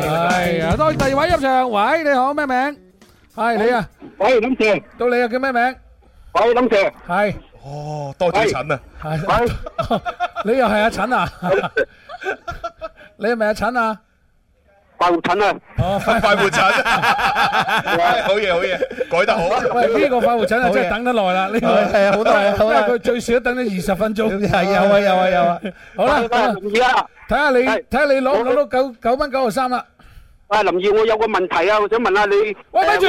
Speaker 4: 係啊，多謝第二位入場，喂，你好，咩名？係你啊？喂，林正，到你啊，叫咩名？喂，林正，係。哦，多謝陳啊。係。喂，你又係阿陳啊？你係咪阿陳啊？
Speaker 5: 快活診啊！哦，快活診，好嘢好嘢，改得好。啊。喂、 哎，呢、這個快活診啊，真係等得耐啦。呢、這個係啊、 哎，好多好
Speaker 4: 啊，因為佢最少等咗二十分鐘。係、 哎、有啊有啊有啊，有啊。好啦，睇下、啊、你睇下你攞攞到九九蚊九毫三啦。是啊、哎、林耀，我有個問題啊，我想問下、啊、你。喂，咪住，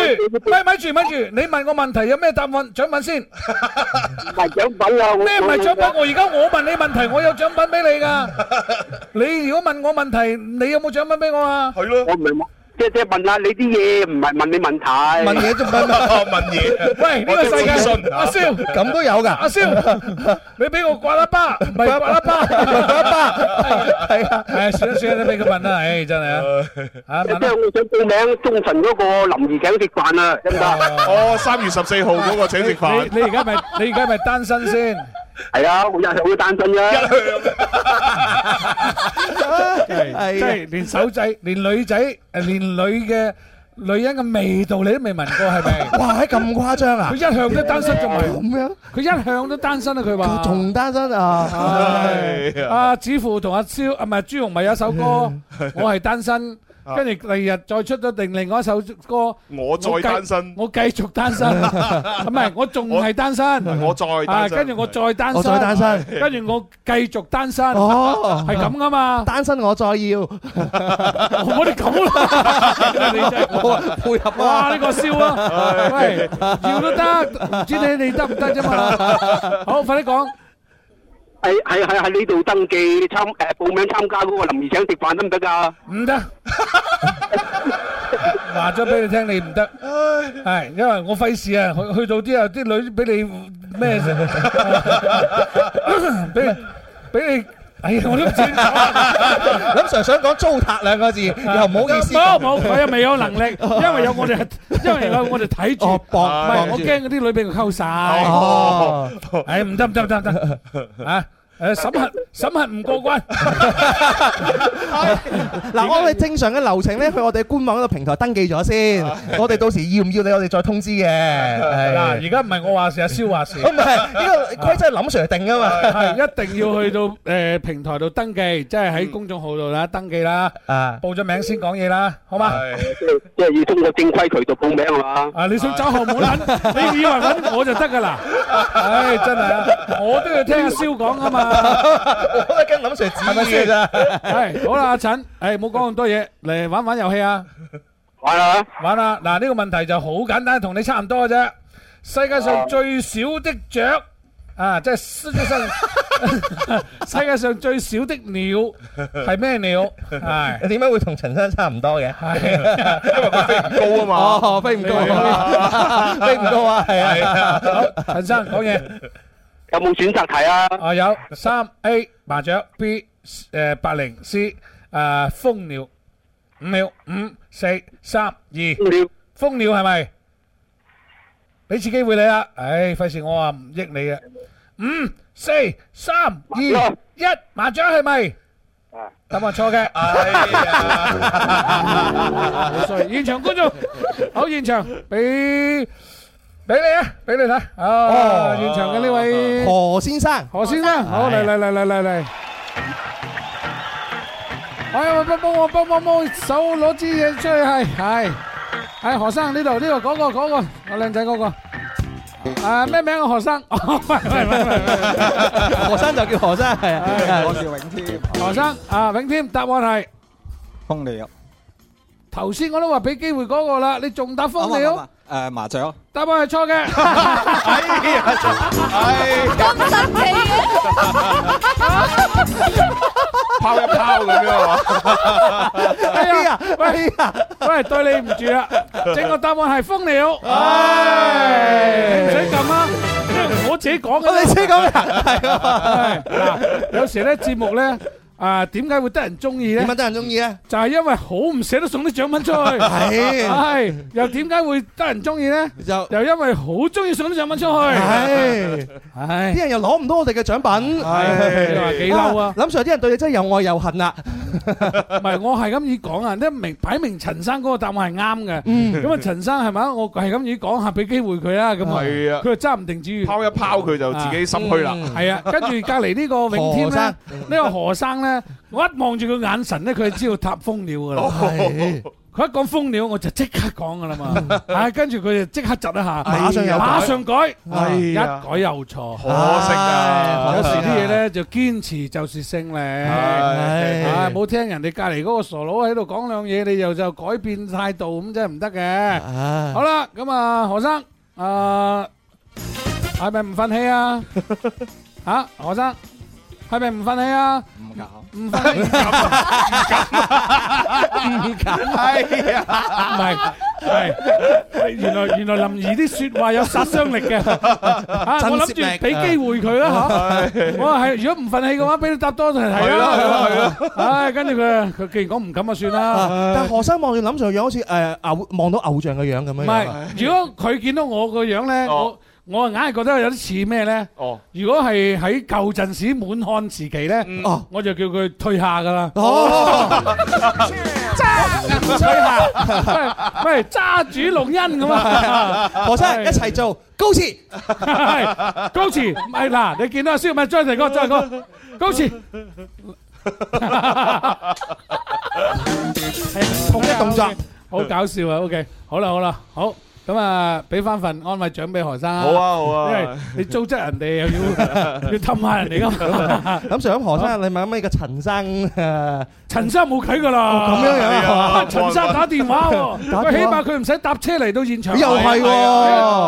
Speaker 4: 咪咪住，咪住着，你問我問題有咩答案？獎品先。唔係獎品啊！咩唔係獎品？我而家我，我問你問題，我有獎品俾你噶。 你如果問我問題，你有冇獎品俾我啊？係咯了，我唔明。即係問下你啲嘢，唔係問你問題。問嘢都做乜？問嘢。 喂，呢個世界信阿蕭咁都有噶？阿、啊、蕭，你俾我刮喇叭，刮喇叭，刮喇巴？係啊！唉，算啦算啦，俾佢問啦，唉，真係啊！即係我想報名中誠嗰個林二井食飯啊，得唔得？哦，三月十四號嗰個請食飯。你你而家咪你而家咪單身先？係啊，我一向好單身嘅，一向，即係連手仔、連女仔、連女嘅女人嘅味道，你都未聞過，係咪？哇，係咁誇張啊！佢一向都單身，仲係咁樣，佢一向都單身啊！佢話仲單身啊！阿子富同阿蕭啊，唔係，朱紅咪有一首歌，我係單身。跟住第二日再出咗定另外一首歌，我再單身，我繼續單身，唔係我仲係單身，我再，跟住我再單身，我再單身，跟住我繼續單身，哦，係咁
Speaker 6: 噶嘛，單身我再要，
Speaker 4: 我哋咁啦，你真係好配合啊！哇，呢個笑啊，喂，
Speaker 6: 要都得，唔知你你得唔得啫嘛？好，快啲講，喺喺喺喺呢度登記參誒報名參加嗰個林
Speaker 4: 姨請食飯得唔得噶？唔得。話咗俾你聽，你唔得係，唉因為我費、啊、事啊，去去到之後，啲女俾你咩？
Speaker 6: 俾俾你，哎呀，我都唔知。 林 Sir 想講糟蹋兩個字，又唔好意思講，冇冇，我又未有能力 因有，因為有我哋，
Speaker 4: 因為 我我哋睇住，唔係我驚啲女俾佢溝晒。哦，唔得唔得唔得唔得啊！ 誒，審核審核唔過關。
Speaker 6: 嗱，我哋正常嘅流程咧，去我哋官網嗰個平台登記咗先。我哋到時要唔要你，我哋再通知嘅。嗱，而家唔係我話事，阿蕭話事。唔係呢個規則諗誰定噶嘛？係一定要去
Speaker 4: 到誒平台度登記，即係喺公眾號度啦，登記啦。啊，報咗名先講嘢啦，好嗎？係，
Speaker 5: 即係要通過正規渠道報名啊嘛。
Speaker 4: 啊，你想走後門揾？你以為揾我就得噶啦？唉，真係啊，我都要聽阿蕭講啊嘛。 我都係
Speaker 6: 跟林 Sir 嘅啫。係 好
Speaker 4: 啦，阿陳，誒、哎，唔好講咁多嘢，嚟玩玩遊戲啊！玩啊，玩啦、啊。嗱，呢、這個問題就好簡單，同你差唔多嘅啫。世界上最少的雀啊，即、就、係、是、 世界上最少的鳥係咩
Speaker 6: 鳥？係點解會同陳生差唔多嘅？係
Speaker 5: 因為佢
Speaker 6: 飛唔高啊嘛。 哦，飛唔高，飛唔高啊，係 啊。 好，陳生講嘢。
Speaker 4: 有冇選擇題啊？啊有三 A 麻雀、B 誒、八零、C 誒蜂鳥，五秒，五四三二五，蜂鳥係咪？俾次機會你啊，唉費事我話唔益你啊，五四三二一，麻雀係咪？啊咁啊錯嘅，好衰！現場觀眾好現場俾。俾你啊，俾你睇。哦，現場嘅呢位何先生，何先生，好嚟嚟嚟嚟嚟嚟。哎，唔好幫我幫幫幫手攞支嘢出去係係係何生呢度呢度嗰個嗰個阿靚仔嗰個。誒，咩名啊何生？唔係唔係唔
Speaker 6: 係，何生就叫何生係我叫永添。何生
Speaker 4: 啊，永添，答案係封你。頭先我都話俾機會嗰個啦，你仲答瘋鳥？
Speaker 5: 誒，麻雀。
Speaker 4: 答案係錯嘅。哎呀，錯！咁神
Speaker 5: 奇嘅，拋一拋咁樣啊嘛？哎呀，
Speaker 4: 哎呀，喂，對你唔住啦，整個答案係瘋鳥。唉，唔使撳啦，我自己講嘅。我哋先咁啊，係啊，係。嗱，有時咧節目咧。啊，點解會得人中意咧？點解得人中意咧？就係因為好唔捨得送啲獎品出去，係，又點解
Speaker 6: 會得人中意咧？就又因為好中意送啲獎品出去，係，係，啲人又攞唔到我哋嘅獎品，係，幾嬲啊！諗住啲人對你真係又愛又恨啊！
Speaker 4: 唔係，我係咁意講啊，即係明擺明，陳生嗰個答案係啱嘅。嗯，咁啊，陳生係咪啊？我係咁意講，下俾機會佢啦，咁啊，佢就揸唔定主意，拋一拋佢就自己心虛啦。係啊，跟住隔籬呢個永添咧，呢個何生咧。我一望住佢眼神咧，佢就知道塔蜂鳥噶啦。佢一講蜂鳥，我就即刻講噶啦嘛。哎，跟住佢就即刻窒一下，馬上改，馬上改，一改又錯，可惜啊。有時啲嘢咧就堅持就是勝利。冇聽人哋隔籬嗰個傻佬喺度講兩嘢，你又就改變態度咁，真係唔得嘅。好啦，咁啊，何生，誒，係咪唔忿氣啊？吓，何生？係咪唔忿氣啊？唔敢，唔忿唔
Speaker 6: 敢，唔敢，唔敢係啊！唔
Speaker 4: 係，係原來原來林怡啲說話有殺傷力嘅。啊，我諗住俾機會
Speaker 5: 佢啦吓。
Speaker 4: 我話係如果唔忿氣嘅話，俾你答多題係啦，係啦，係
Speaker 6: 啦。唉，跟住佢，佢既然講唔敢啊，算啦。但何生望住諗住個樣，好似誒偶望到偶像嘅樣咁樣。唔係，
Speaker 4: 如果佢見到我個樣咧，我。我硬係覺得有啲似咩咧？哦，如果係喺舊陣時滿漢時期咧，哦、嗯，嗯、我就叫佢退下噶啦。哦，
Speaker 6: 揸退下，喂，揸住錄音，咁啊！何生一齊做高馳，係高馳，係
Speaker 4: 嗱，你見到阿肖咪張大哥，張大哥高馳，同一動作，okay，好搞笑啊！OK，好啦，好啦，好。咁啊，俾翻份安慰獎俾何生。好啊，好啊，因為你糟質人哋又要要氹下人哋咁。咁
Speaker 6: 上緊何生，你問下咩個陳生？陳生冇計噶啦。咁樣樣啊，陳生打電話喎，佢起碼佢唔使搭車嚟
Speaker 4: 到現場。又係，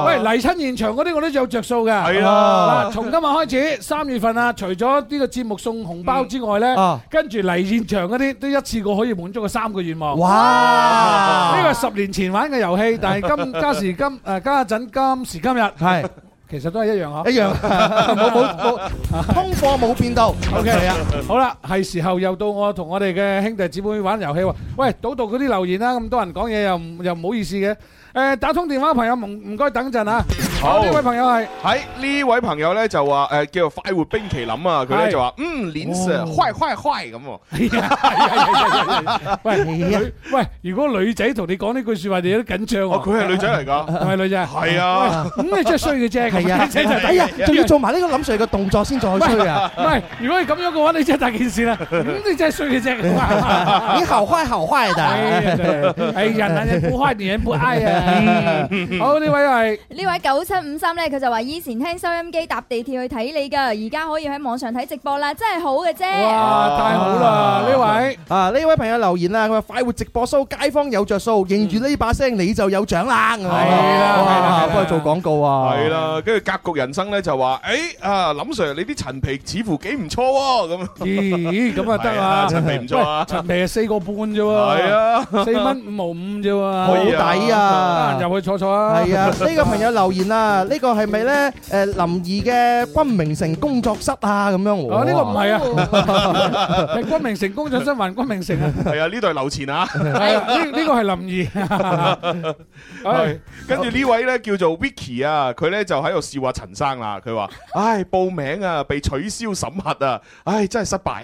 Speaker 4: 喂嚟親現場嗰啲，我都有著數嘅。係啊，嗱，從今日開始，三月份啊，除咗呢個節目送紅包之外咧，跟住嚟現場嗰啲都一次過可以滿足佢三個願望。哇！呢個十年前玩嘅遊戲，但係今今時今誒，家陣今時今日係，其實都係一樣嗬，一樣冇冇冇，通貨冇變到。O K 啊，好啦，係時候又到我同我哋嘅兄弟姊妹玩遊戲喎。喂，早讀嗰啲留言啦，咁多人講嘢，又唔又唔好意思嘅。誒，打通電話嘅朋友唔唔該等陣啊。好，呢位朋友係
Speaker 5: 喺呢位朋友咧，就話，誒叫做快活冰淇淋啊佢咧、哎、就話嗯臉上壞壞壞咁喂、呃呃、如喂如果女仔同你講呢句說話，你有啲緊張。佢係女仔
Speaker 4: 嚟噶係女仔係啊，咁你真係衰嘅啫。係啊，哎呀仲要
Speaker 6: 做埋呢個林瑞嘅動作先再衰啊，唔
Speaker 4: 係如果你咁樣嘅話，你真係大件事啦。咁你真係衰嘅啫，你好壞好壞嘅。哎呀，男人不壞，女人不愛啊。好呢、嗯、 位係
Speaker 1: 呢位七五三咧，佢就話以前聽收音機搭地鐵去睇你噶，而家可以喺網上睇直播啦，真係好嘅啫。哇，
Speaker 6: 太好啦！呢位啊，呢位朋友留言啦，佢話快活直播 show，街坊有着數，認住呢把聲你就有獎啦。係啦，幫佢做
Speaker 5: 廣告啊。係啦，跟住格局人生咧就話，誒啊，林 sir 你啲陳皮似乎幾唔錯咁。咦，咁啊得啦，陳皮唔錯啊。陳皮係，四個半啫喎。係啊，四蚊
Speaker 6: 五毛五
Speaker 5: 啫喎，好抵啊。入
Speaker 4: 去坐坐啊。係啊，呢個朋
Speaker 6: 友留言啦。啊，呢個係咪咧？誒，林儀嘅昆明城工作室啊，咁樣？哦，呢個唔係啊，
Speaker 4: 係昆明城工作室還昆
Speaker 5: 明城啊。係啊，呢度係樓前啊。
Speaker 4: 係呢個係林儀。
Speaker 5: 係，跟住呢位咧叫做 Vicky 啊，佢咧就喺度笑話陳生啦。佢話：，唉，報名啊，被取消審核啊，唉，真係失敗。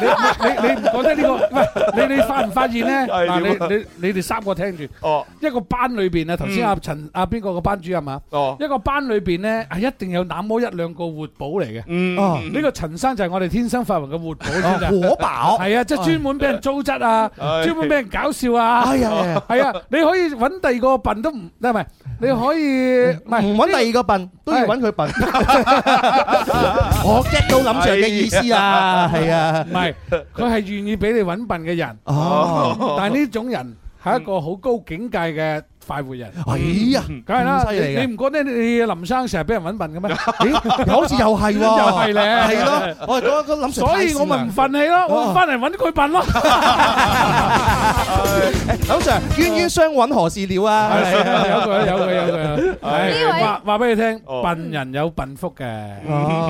Speaker 4: 你
Speaker 5: 你你，我覺得呢個，喂，你你發唔發現咧？嗱，你你
Speaker 4: 你哋三個聽住，哦，一個八。班裏邊啊，頭先阿陳阿邊個個班主任啊，一個班裏邊咧係一定有那麼一兩個活寶嚟嘅。哦，呢個陳生就係我哋天生發運嘅活寶，火爆係啊，即係專門俾人糟質啊，專門俾人搞笑啊。係呀，係啊，你可以揾第二個笨都唔，唔係，你可以唔揾第二
Speaker 6: 個笨都要揾佢笨。我 get 到林 Sir 嘅意思啊，係啊，唔係，
Speaker 4: 佢係願意俾你揾笨嘅人，但係呢種人。係一個好高境界嘅快活人，哎呀，梗係啦，犀利嘅。你唔覺得你林生成日俾人揾笨嘅咩？咦，好似又係，又係咧，係咯。我諗，所以我咪唔憤氣咯，我翻嚟揾佢笨咯。
Speaker 6: 林 Sir 冤冤相搵何時了啊？有句有句有句，話話俾你聽，笨
Speaker 4: 人有笨福嘅，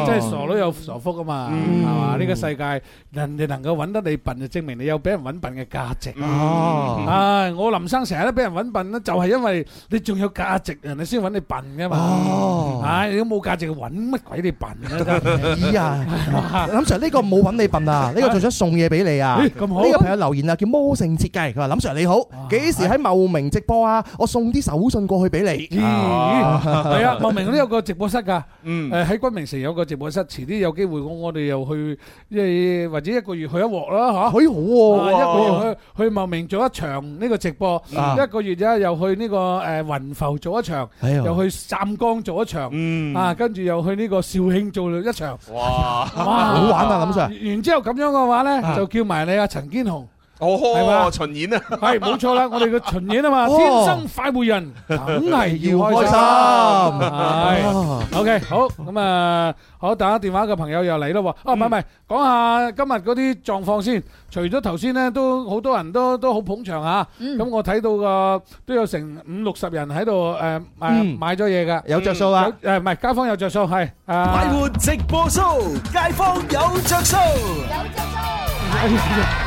Speaker 4: 即傻佬有傻福啊嘛，係嘛？呢個世界人哋能夠揾得你笨，就證明你有俾人揾笨嘅價值。哦，唉，我林生成日都俾人揾笨啦，就係因為你仲有價值，人哋先揾你笨噶嘛。哦，唉，你都冇價值揾乜鬼你笨啊？你啊，
Speaker 6: 林 Sir 呢個冇揾你笨啊，呢個仲想送嘢俾你啊？咁好，呢個朋友留言啊，叫魔性設計，佢話林 Sir 你好。幾時喺茂名直播啊？我送啲手信過去俾你。係啊， 茂
Speaker 3: 名都
Speaker 4: 有個直播室噶。嗯，誒喺、呃、君明城有個直播室，遲啲有機會我我哋又去，即係或者一個月去一鑊啦吓，可好喎、啊。一個月去去茂名做一場呢個直播，啊、一個月啫，又去呢個誒雲浮做一場，啊、又去湛江做一場，嗯、啊，跟住又去呢個肇慶做一場。哇，哇好玩啊，林 Sir。然之後咁樣嘅話咧，就叫埋你阿陳堅雄。哦，係喎，
Speaker 5: 巡演啊，係冇錯
Speaker 4: 啦，我哋嘅巡演啊嘛，天生快活人，梗係要開心。係，OK，好，咁啊，好，打個電話嘅朋友又嚟咯。哦，唔係唔係，講下今日嗰啲狀況先。除咗頭先咧，都好多人都都好捧場啊。咁我睇到個都有成五六十人喺度誒誒買咗嘢㗎，有着數啊。誒唔係，街坊有着數，係快活
Speaker 6: 直播 show，街坊有着數，有着數。喂，嗰、哎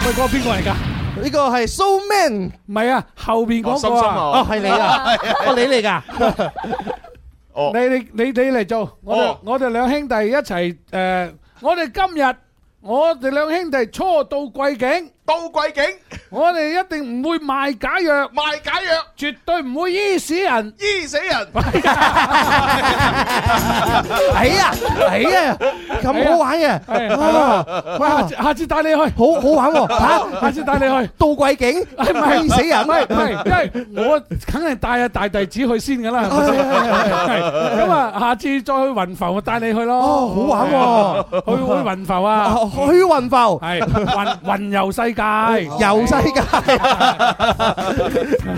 Speaker 6: 那個邊個嚟㗎？呢個係 So Man，唔係啊，後
Speaker 5: 邊嗰個、啊、哦，係你啊，我、哦、你嚟㗎， 哦，你 哦你
Speaker 4: 你你嚟做，我、哦、我哋兩兄弟一齊誒、呃，我哋今日我哋兩兄弟初到貴境。到貴境，我哋一定唔會賣假藥，賣假藥，絕對唔會醫死人，醫死人。
Speaker 6: 哎呀，哎呀，咁好玩嘅，喂，下下次帶你去，好好玩吓，下次帶你去到貴境，係咪死人？唔係唔
Speaker 3: 係，
Speaker 4: 我梗係帶啊大弟子去先噶啦。咁啊，下次再去雲浮，我帶你去咯。哦，好玩，去去雲浮啊，去雲浮，係雲雲遊世界遊由世界，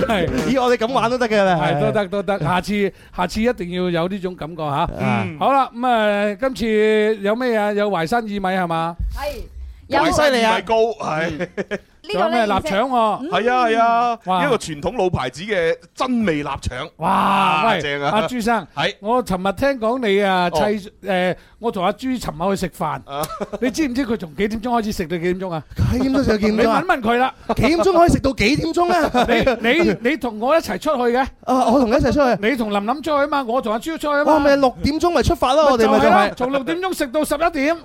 Speaker 4: 係以我哋咁玩都得嘅啦，係都得都得，下次下次一定要有呢種感覺吓。是啊嗯、好啦，咁、嗯、啊，今次有咩啊？有淮山薏米係嘛？
Speaker 3: 係，好犀利啊，
Speaker 5: 高係。仲有咩臘腸喎？係啊係啊，一個傳統老牌子嘅真味臘腸，哇，正啊！阿朱生，係我
Speaker 4: 尋日聽講你啊砌誒，我同阿朱尋晚去食飯，你知唔知佢從幾點鐘開始食到幾點鐘啊？幾點鐘就見到啊？你問問佢啦，
Speaker 6: 幾點鐘可以食到幾點鐘咧？
Speaker 4: 你你你同我一齊出去嘅？啊，我同你一齊出去。你同琳琳出去啊嘛？我同阿朱出去啊
Speaker 6: 嘛？哇，咪六點鐘咪出發啦，我哋咪就係
Speaker 4: 從六點鐘食到十一點，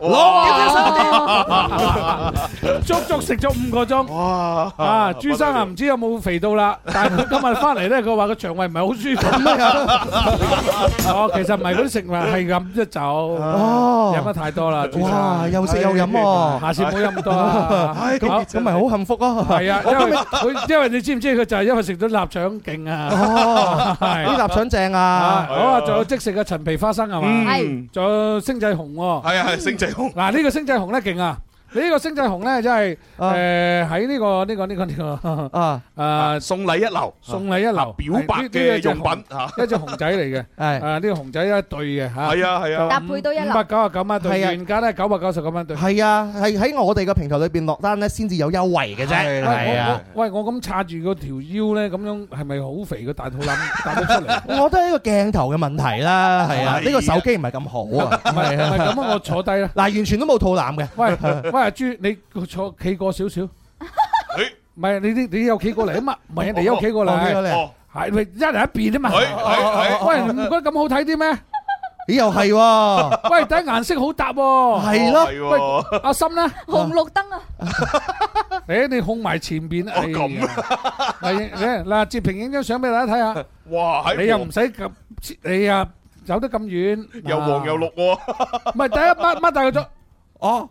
Speaker 4: 足足食咗五個鐘。哇！啊，朱生啊，唔知有冇肥到啦？但係佢今日翻嚟咧，佢話個腸胃唔係好舒服。哦，其實唔係佢食啊，係飲咗酒。哦，飲得太多啦。哇，又食又飲喎，下次唔好飲咁多。咁
Speaker 6: 咁咪好幸福咯。係啊，因為佢因為你知唔知
Speaker 4: 佢就係因為食咗臘腸勁啊。
Speaker 6: 哦，啲臘腸正啊。哦，仲有即食
Speaker 4: 嘅陳皮花生係嘛？嗯，仲有星仔紅。係啊，
Speaker 6: 係星仔
Speaker 4: 紅。嗱，呢個星仔紅咧勁啊！你呢個星仔熊咧，真係誒喺呢個呢個呢個呢個啊誒，送禮一流，送禮一流，表白嘅用品吓，一隻熊仔嚟嘅，係啊呢個熊仔一對嘅吓，係啊係啊，搭配都一流，五百九十九蚊對，原價咧九百九十九蚊對，
Speaker 6: 係啊係喺我哋嘅平台裏邊落單咧，先至有優惠嘅啫，係啊。
Speaker 4: 喂我咁叉住個條腰咧，咁樣係咪好肥個大肚腩凸
Speaker 6: 出嚟？我覺得係呢個鏡頭嘅問題啦，係啊，呢個手機唔係咁好啊，唔係唔係咁啊，我坐低啦，嗱完全都冇肚腩嘅，喂喂。
Speaker 4: 啊阿朱，你坐企過少少，唔係你啲你又企過嚟啊嘛，唔係你又企過嚟，係一人一邊啊嘛，喂唔覺得咁好睇啲咩？咦又係？喂，第一顏色好搭，係咯。阿心咧，紅綠燈啊，誒你控埋前邊啊，咁啊，嗱截屏影張相俾大家睇下，
Speaker 5: 哇你又唔使
Speaker 4: 咁你啊走得咁遠，又黃又綠，唔係第一乜乜大個咗，哦。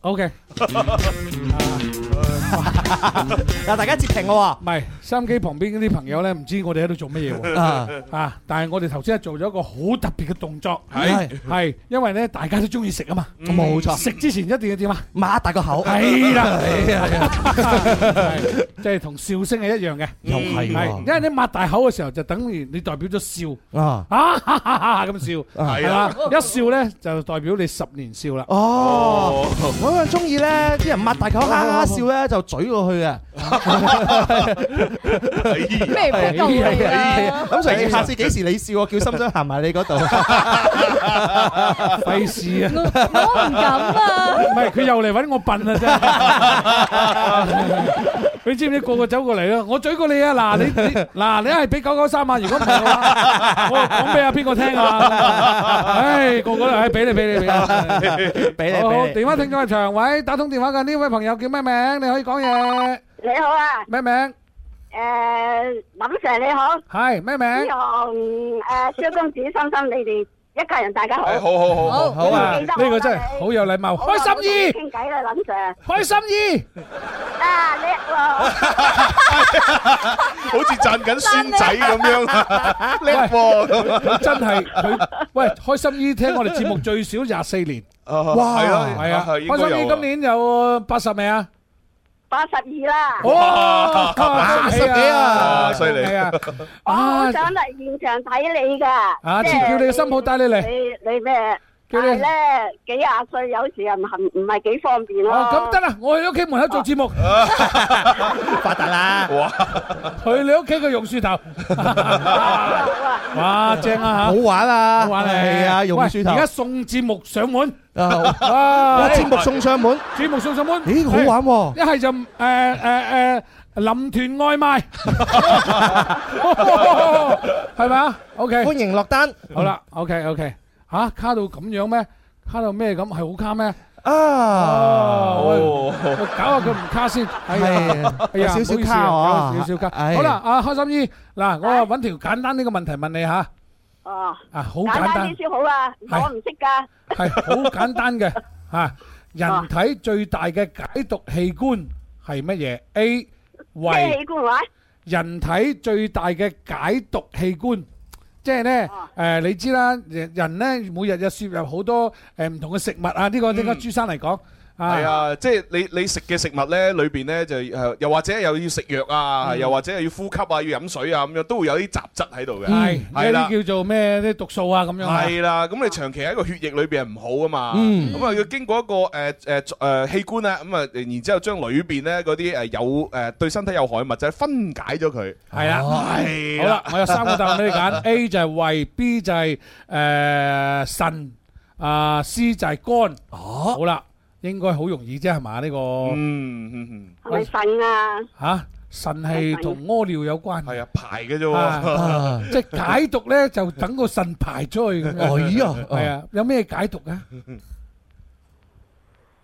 Speaker 4: O K，嗱大家截停咯喎，唔係收音機旁邊嗰啲朋友咧，唔知我哋喺度做乜嘢喎？啊啊！但係我哋頭先係做咗一個好特別嘅動作，係係，因為咧大家都中意食啊嘛，冇錯。食之前一定要點啊？擘大個口，係啦，係啊，係啊，即係同笑聲係一樣嘅，又係，係，因為你擘大口嘅時候就等於你代表咗笑，啊，吓咁笑，係啦，
Speaker 6: 一笑咧就代表你十年笑啦，哦。好想中意咧，啲人擘大口哈哈笑咧，哦哦哦、就嘴過去啊。咩唔夠氣啊？咁下次幾時你笑？我叫心心行埋你嗰度。費事啊！我唔敢我啊！唔係佢又嚟揾我笨啊！
Speaker 4: 真你知唔知個個走過嚟啊？我追過你啊！嗱，你你嗱，你係俾九九三萬，如果唔係嘅話，我講俾阿邊個聽啊！唉、哎，個個都係俾你俾你俾你俾。電話聽眾阿長，喂，打通電話嘅呢位朋友叫咩名？你可以講嘢。你好啊。咩名？誒、呃，林 Sir 你好。係咩名？呢個誒，蕭公子深深，你哋。 一家人大家好，好好好好好啊！呢個真係好有禮貌，開心姨傾
Speaker 6: 偈啦，諗住啊，開心姨啊，叻喎！
Speaker 4: 好似賺緊孫仔咁樣，叻喎！真係佢喂，開心姨聽我哋節目最少廿四年，哇，係啊，開心姨今年有八十未啊？
Speaker 1: 八十
Speaker 5: 二啦，哇，八十幾啊，犀利啊！我想嚟現
Speaker 1: 場睇你㗎，吓、啊，叫你嘅新抱帶你嚟，你你咩？係咧，幾廿歲有時人行，唔係幾方
Speaker 4: 便咯。哦，咁得啦，我去你屋企門口做節目，發達啦！哇，去你屋企個榕樹頭，哇，正啊，好玩啊，好玩啊，係啊！榕樹頭，而家送節目上門，啊，節目送上門，節目送上門，咦，好玩，一係就誒誒誒，林團外賣，係咪啊？OK，歡迎落單，好啦，OK，OK。吓卡到咁樣咩？卡到咩咁？係好卡咩？啊！我搞下佢唔卡先。係啊，少少卡嗬。少少卡。好啦，阿開心姨，嗱，我搵條簡單啲嘅問題問你吓。哦。啊，好簡單啲
Speaker 1: 先好啊，我唔識
Speaker 4: 噶。係好簡單嘅吓，人體最大嘅解毒器官係乜嘢？A。器官話。人體最大嘅解毒器官。即係咧，誒、呃、你知啦，人人咧，每日又攝入好多誒唔同嘅食物啊！呢、這個呢、這個朱生嚟講。嗯係啊，
Speaker 5: 即係你你食嘅食物咧，裏邊咧就又或者又要食藥啊，又或者又要呼吸啊，要飲水啊，咁樣都會有啲雜質喺度嘅，係啦，叫
Speaker 4: 做咩啲毒素啊咁樣。係
Speaker 5: 啦，咁你長期喺個血液裏邊係唔好啊嘛，咁啊要經過一個誒誒誒器官啊，咁啊然之後將裏邊咧嗰啲誒有誒對身體有害嘅物質分解咗佢。
Speaker 4: 係啊，係。好啦，我有三個答案俾你揀，A 就係胃，B 就係誒腎，啊 C 就係肝。哦，好啦。應該好容易啫，係嘛呢個？嗯嗯嗯，係咪
Speaker 3: 腎
Speaker 7: 啊？
Speaker 4: 吓，腎係同屙尿有關？係啊，排嘅啫，即係解毒咧，就等個腎排出去咁樣。係啊，係啊，有咩解毒啊？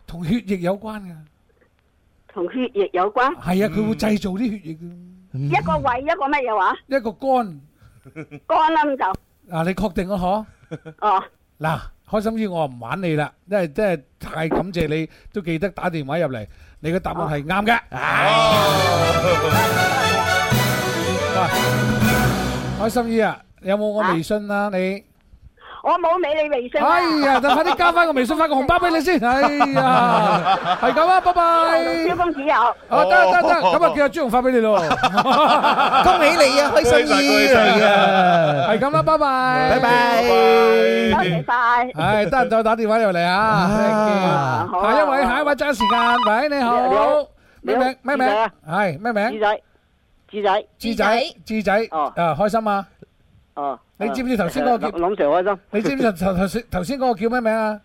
Speaker 4: 同血液有關噶，同血液有關。係啊，佢會製造啲血液嘅。一個胃，一個乜嘢話？一個肝，
Speaker 1: 肝啉就。
Speaker 4: 嗱，你確定啊？嗬。哦。嗱。開心姨，我唔玩你啦，因為真係太感謝你，都記得打電話入嚟，你嘅答案係啱嘅。
Speaker 6: 喂、啊
Speaker 4: 啊，開心姨啊，有冇個微信啊你？
Speaker 6: 我冇理你微信，哎呀！就快啲加翻個
Speaker 4: 微信，發個紅包俾你先，哎呀！係咁啦，拜拜。小公子有，哦得得得，咁啊叫阿朱紅發俾你咯。恭喜你啊，開心意啊，係咁啦，拜拜。拜拜，拜拜。係得閒再打電話又嚟啊？好，下一位，下一位揸時間，喂你好，你好，咩名咩名啊？係咩名？豬仔，豬仔，豬仔，豬仔，哦，啊開心啊！哦，你知唔知頭先嗰個叫？林 Sir 開心，你知唔知頭頭頭先頭先嗰個叫咩名啊？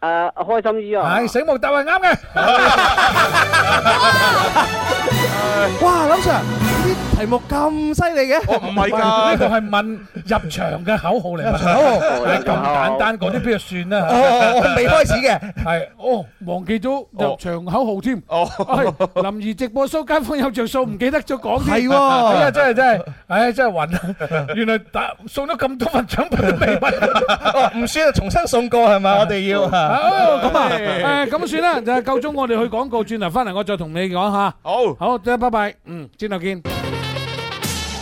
Speaker 6: 誒，開心啲啊，係醒目，答係啱嘅。哇，林 Sir。題目咁犀利嘅，哦，
Speaker 7: 唔係㗎，呢個
Speaker 4: 係問入場嘅口號嚟。好咁簡單，講啲邊就算啦。未開始嘅，係哦，忘記咗入場口號添。哦，林怡直播蘇家歡有着數，唔記得就講啲。係喎，哎呀，真係真係，哎真係暈啊！原來打送咗咁多份獎品都未揾，唔算啦，重新送過係咪？我哋要好咁啊，誒咁算啦，就夠鐘，我哋去廣告，轉頭翻嚟我再同你講吓。好，好，拜拜，嗯，轉頭見。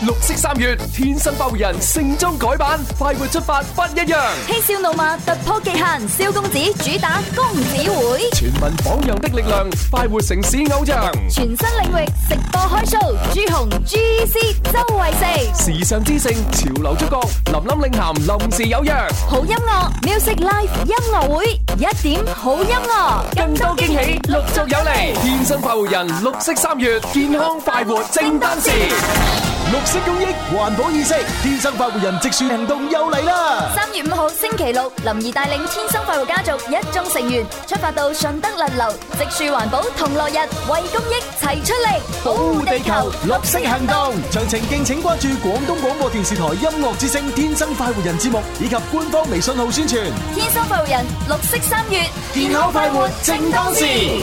Speaker 4: 綠色三月，天生快
Speaker 1: 活人，盛裝改版，快活出發不一樣。嬉笑怒罵突破極限，蕭公子主打公子會，全民榜樣的力量，快活城市偶像，全新領域直播開 show，朱紅朱 C 周慧瑩，時尚之盛潮流觸覺，林林領銜臨時有約，好音樂 music life 音樂會，一點好音樂，更多驚喜陸續有嚟，天生快活人，綠色
Speaker 2: 三月，健康快活正當時。綠色公益環保意識，天生快活人植樹行動又嚟啦！三
Speaker 1: 月五號星期六，林怡帶領天生快活家族一眾成員，出發到順德勒流植樹環保同樂日，為公益齊
Speaker 2: 出力，保護地球綠色行動。詳情敬請關注廣東廣播電視台音樂之聲天生快活人節目以及官方微信號宣傳。
Speaker 1: 天生快活人，綠色三月，健康快活正當時。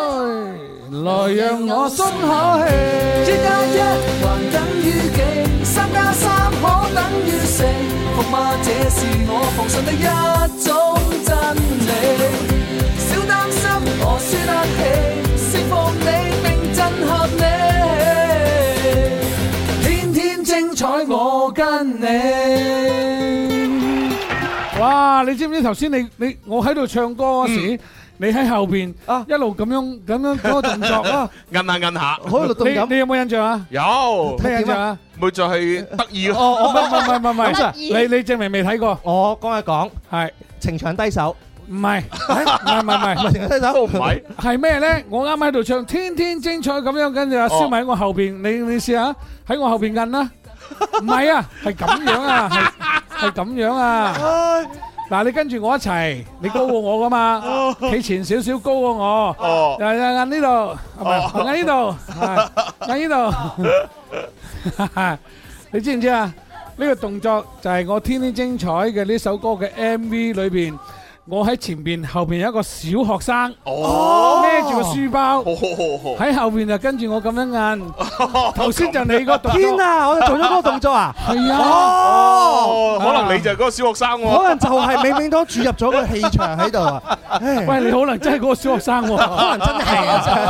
Speaker 7: 來讓我鬆口氣，一加一還等於幾？三加三可等於四？服嗎？這是我奉信的一種真理。小擔心，我輸得起，釋放你並震撼你，天天精彩我跟你。
Speaker 4: 哇！你知唔知頭先你你我喺度唱歌嗰時？嗯你喺後邊啊，一路咁樣咁樣嗰個動作啊，摁
Speaker 5: 下摁下。好，你你有
Speaker 6: 冇印象啊？
Speaker 5: 有，咩印象啊？冇再係得意啊？哦，唔唔唔唔唔，你你
Speaker 6: 證明未睇過？我講下講係情場低手，唔係，唔唔唔唔情場低手，唔係，
Speaker 4: 係咩咧？我啱喺度唱天天精彩咁樣，跟住阿燒米喺我後邊，你你試下喺我後邊摁啦。唔係啊，係咁樣啊，係咁樣啊。嗱、啊，你跟住我一齊，你高過我噶嘛？企、啊、前少少高過我。啊啊按呢度，係咪？按呢度，按呢度。 你知唔知啊？呢、呢個動作就係我天天精彩嘅呢首歌嘅 MV 裏邊。我喺前面，後邊有一個小學生，哦，孭住個書包，喺後邊就跟住
Speaker 6: 我咁樣按。頭先就你個動作，天啊！我哋做咗嗰個動作啊！係啊，
Speaker 4: 哦，
Speaker 5: 可能你就係嗰個小學生喎。可能
Speaker 6: 就係美明當注入咗個氣場喺度啊！喂，你可能真係嗰個小學生喎。可能真係啊！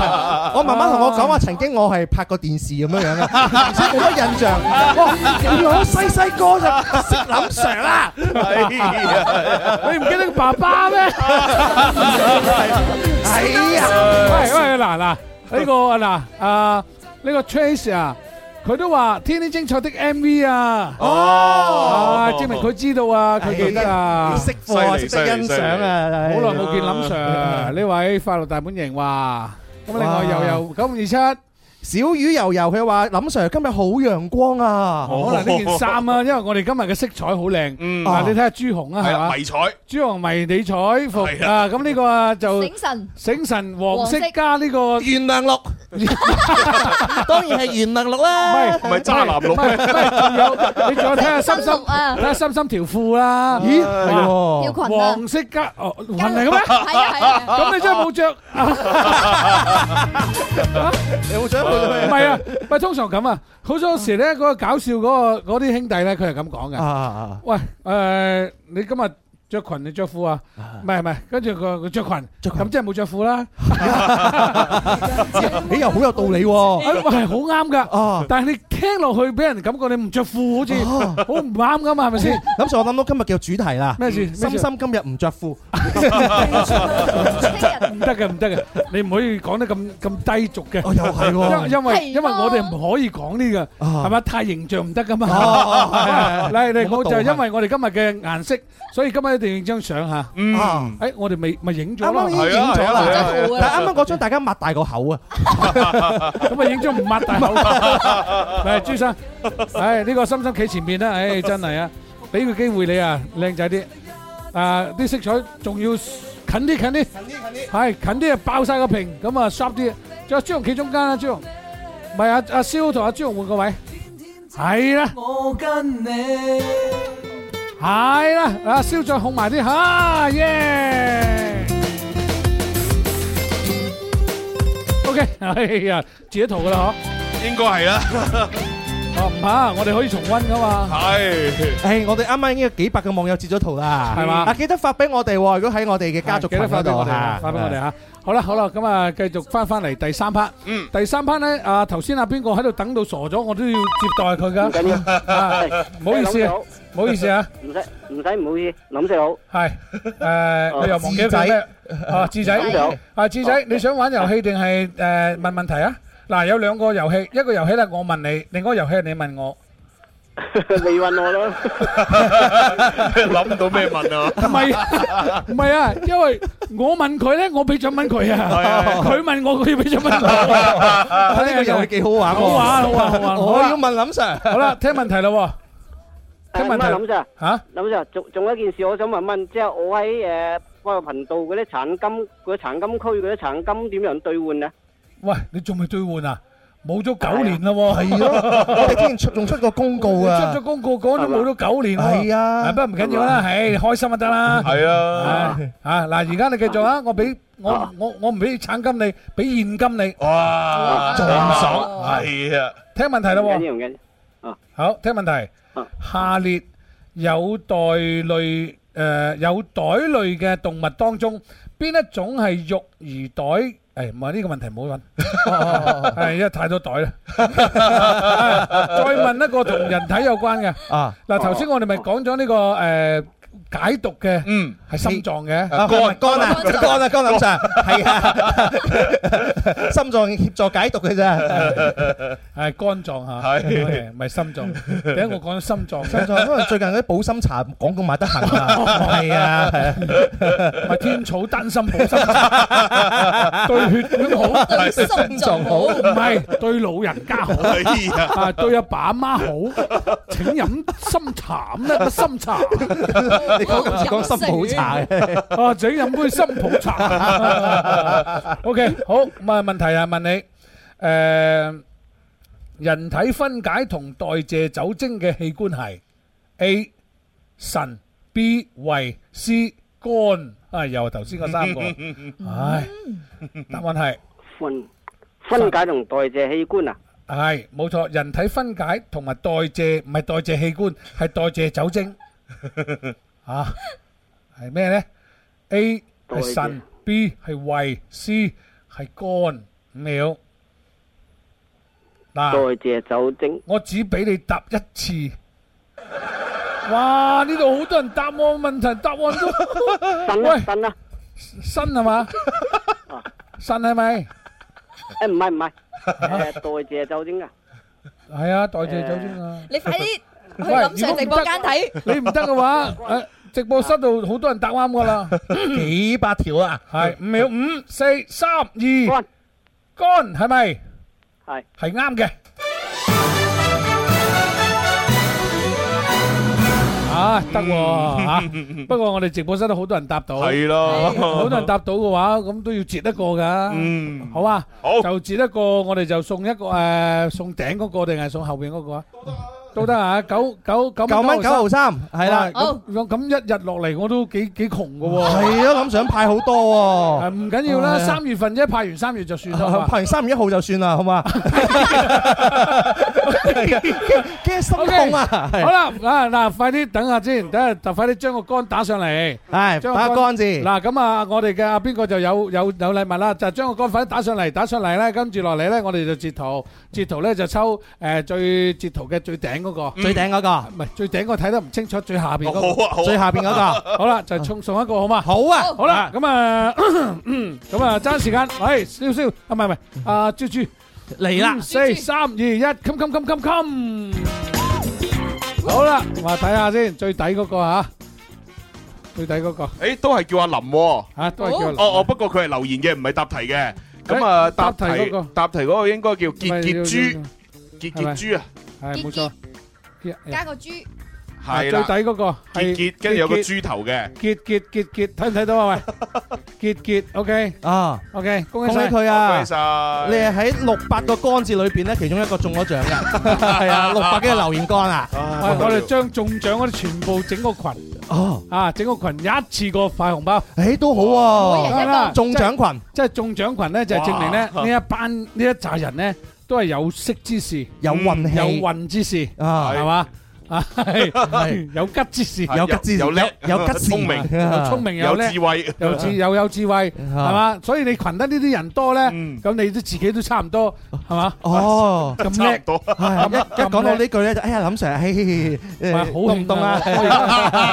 Speaker 6: 慢慢同我講話，曾經我係拍過電視咁樣樣嘅，唔知有冇乜印象？哇！你我細細個就識林 Sir 啦，你唔記得爸爸咩？
Speaker 3: 哎呀！係因
Speaker 4: 嗱嗱，呢個阿蘭啊，呢個 Trace 啊，佢都話天天精彩的 MV 啊，哦，證明佢知道啊，佢記得啊，識貨識識欣賞啊，好耐冇見林 Sir 呢位快樂大本營話。咁啊！另外又有
Speaker 6: 九五二七。Wow. 油油小魚游游，佢話林 sir 今日好陽光啊，可能呢件衫
Speaker 4: 啊，因為我哋今日嘅色彩好靚，嗱你睇下朱紅啊，係嘛迷彩，朱紅迷你彩服啊，咁呢個啊就醒神，醒神黃色加呢個元亮綠，當然係元亮綠啦，唔係唔係渣男綠，你仲
Speaker 5: 有再睇下深
Speaker 4: 深，睇下深深條褲啦，咦，條裙啊，黃色加哦云嚟嘅咩，咁你真係冇著，你冇著。唔 係 啊，唔係通常咁啊，好多時咧嗰個搞笑嗰個嗰啲兄弟咧，佢係咁講嘅。啊啊啊！喂，誒、呃，你今日。着裙定着褲啊？唔係唔係，跟住佢佢着裙，咁即係冇着褲啦。你又好有道理
Speaker 6: 喎，係好啱噶。哦，但係你聽落去俾人感覺你唔着褲好似，好唔啱噶嘛，係咪先？咁所以我諗到今日嘅主題啦。咩事？心心今日唔着褲，唔得
Speaker 4: 嘅唔得嘅，你唔可以講得咁咁低俗嘅。哦，又係，因為因為我哋唔可以講呢個，係咪太形象唔得噶嘛？你你好，我就係因為我哋今日嘅顏色，所以今日。影張相吓。嗯，誒，我哋咪
Speaker 6: 咪影咗啦，但係啱啱嗰張大家擘大個口啊，
Speaker 4: 咁啊影張唔擘大口，係朱生，誒，呢個深深企前面啦，誒真係啊，俾個機會你啊，靚仔啲，啊啲色彩仲要近啲近啲近啲，係近啲啊，爆晒個屏，咁啊 sharp 啲，仲有朱紅企中間啊，朱紅，唔係阿阿蕭同阿朱紅換個位，係
Speaker 7: 啦。
Speaker 4: 係啦，阿肖再控埋啲，哈耶！OK，係啊，截咗圖噶啦嗬，應該係啦。哦，唔怕，我哋可以重温噶嘛。係，
Speaker 6: 誒，我哋啱啱已經有幾百個網友截咗圖啦，係嘛？啊，記得發俾我哋，如果喺我哋嘅家族群嗰度啊，發俾我哋啊。好啦，好啦，咁啊，繼續返返嚟第三 part。第三 part 呢，
Speaker 4: 呃，頭先啊，邊個喺度等到傻咗，我都要接待佢㗎。唔緊要。
Speaker 2: 你問我
Speaker 5: 咯，諗唔到咩問啊？唔係
Speaker 4: 唔係啊，因為我問佢咧，我俾獎品佢啊。佢 問我，佢要俾獎品我，啊。呢 個遊
Speaker 6: 戲幾好玩喎，啊！好玩，好玩，好玩！好玩好，我要問林 Sir。 好啦，
Speaker 4: 聽問題啦。聽問題。吓，
Speaker 6: 啊，林 Sir，仲仲，啊、有一件事，我想問問，即、就、係、是、我喺誒番禺頻道嗰啲橙金，嗰、那、橙、個、金區嗰啲橙金點樣兌換啊？
Speaker 4: 喂，你仲未兌換啊？
Speaker 6: 冇咗九年啦，係啊。我哋之前出仲出過公告啊，出咗公告，嗰都冇咗九年。係啊，不過唔緊要啦，係，
Speaker 4: 開心就得啦。係啊，吓嗱，而家你繼續啊，我俾我我我唔俾產金你，俾現金你。哇，仲爽。係啊，
Speaker 5: 聽問題啦。唔緊要，唔緊要。
Speaker 4: 啊，好，聽問題。啊，下列有袋類誒有袋類嘅動物當中，邊一種係育兒袋？誒，唔係呢個問題唔好揾，係 因為、哎，太多袋啦。 再問一個同人體有關嘅啊，嗱、這個，頭先我哋咪講咗呢個誒。呃呃解毒嘅，嗯，係心臟嘅肝肝啊，肝啊，肝老細，
Speaker 6: 係啊，心臟協助解毒嘅啫，係肝
Speaker 4: 臟吓，係唔係心臟？第一我講咗心臟，心臟，因為
Speaker 6: 最近嗰啲補心茶廣告賣得行啊，係啊，係天草丹心補心
Speaker 4: 茶，
Speaker 7: 對血管好，對心臟好，唔係
Speaker 4: 對老人家好啊，對阿爸阿媽好，請飲心茶咩？個心茶。我今次講心普茶，哦，整飲杯心普茶。O K，好，問問題啊，問你，誒，人體分解同代謝酒精嘅器官係 A 腎、B 胃、C 肝，啊，又係頭先嗰三個。唉，答案係肝分解同代謝器官啊，係冇錯，人體分解同埋代謝唔係代謝器官，係代謝酒精。啊，係咩咧？A 係腎，B 係胃，C 係肝，五秒。代謝酒精。我只俾你答一次。哇！呢度好多人答我問題，答案都腎啊腎啊，腎係嘛？腎係咪？誒唔係唔係，誒代謝
Speaker 6: 酒精
Speaker 4: 啊？係啊，代謝酒精啊！
Speaker 6: 你快啲！
Speaker 1: 喂，
Speaker 4: 如果唔得，你唔得嘅話，直播室度好多人答啱噶啦，
Speaker 6: 幾百條
Speaker 4: 啊，係五秒，五四三二，干，干係咪？係，係啱嘅。啊，得喎吓，不過我哋直播室都好多人答到，係咯，好多人答到嘅話，咁都要截一個噶，嗯，好啊，好，就截一個，我哋就送一個誒，送頂嗰個定係送後邊嗰個啊？都得啊，九九九蚊元九毫元三，係啦對。
Speaker 6: 咁咁、哦、一日落嚟，我都幾幾窮噶喎。係咯、啊，諗想派好多喎、啊。唔緊要啦， 三月份啫，派完三月就算啦， 吧派完三月一號就算啦，好嘛？ 驚心驚啊！好啦，
Speaker 4: 啊嗱，快啲等下先，等下就快啲將個桿打上嚟，係打個桿先。嗱，咁啊，我哋嘅阿邊個就有有有禮物啦，就將個桿快啲打上嚟，打上嚟咧，跟住落嚟咧，我哋就截圖，截圖咧就抽誒，最截圖嘅最頂嗰個，最頂嗰個，唔係最頂嗰個睇得唔清楚，最下邊嗰個，最下邊嗰個。好啦，就送送一個好嘛？好啊，好啦，咁啊，咁啊，爭時間，喂，少少，唔係唔係，阿豬豬。嚟啦！四三二一，come come come come come！好啦，我睇下先，最底嗰個吓，最底嗰個，
Speaker 5: 誒，都係叫阿林，吓都係叫阿林，哦哦，不過佢係留言嘅，唔係答題嘅。
Speaker 4: 咁啊，答題嗰個，
Speaker 5: 答題嗰個應該叫傑傑豬，傑傑豬啊，係冇錯，
Speaker 7: 加個豬。
Speaker 5: 係最底嗰個，係結跟住有個豬頭嘅，
Speaker 4: 結結結結，睇唔睇到啊？喂，
Speaker 6: 結結，OK 啊，OK，
Speaker 4: 恭喜恭喜佢啊！
Speaker 5: 你係
Speaker 6: 喺六百個干字裏邊咧，其中一個中咗獎嘅，係啊，六百幾個留言干啊！我哋將中獎
Speaker 4: 嗰啲全部整個群，啊啊，整個群一次過發紅包，誒，都好啊！中獎群，即係中獎群咧，就係證明咧呢一班呢一扎人咧都係有識之士，有運氣，有運之士，係嘛？啊，係有吉之士，有吉之士，有叻，有吉，聰明，又聰明，又叻，又智，又有智慧，係嘛？所以你群得呢啲人多咧，咁你都自己都差唔多，係嘛？哦，
Speaker 6: 咁叻到，一講到呢句咧，哎呀，林 Sir，唔係好激動
Speaker 4: 啦，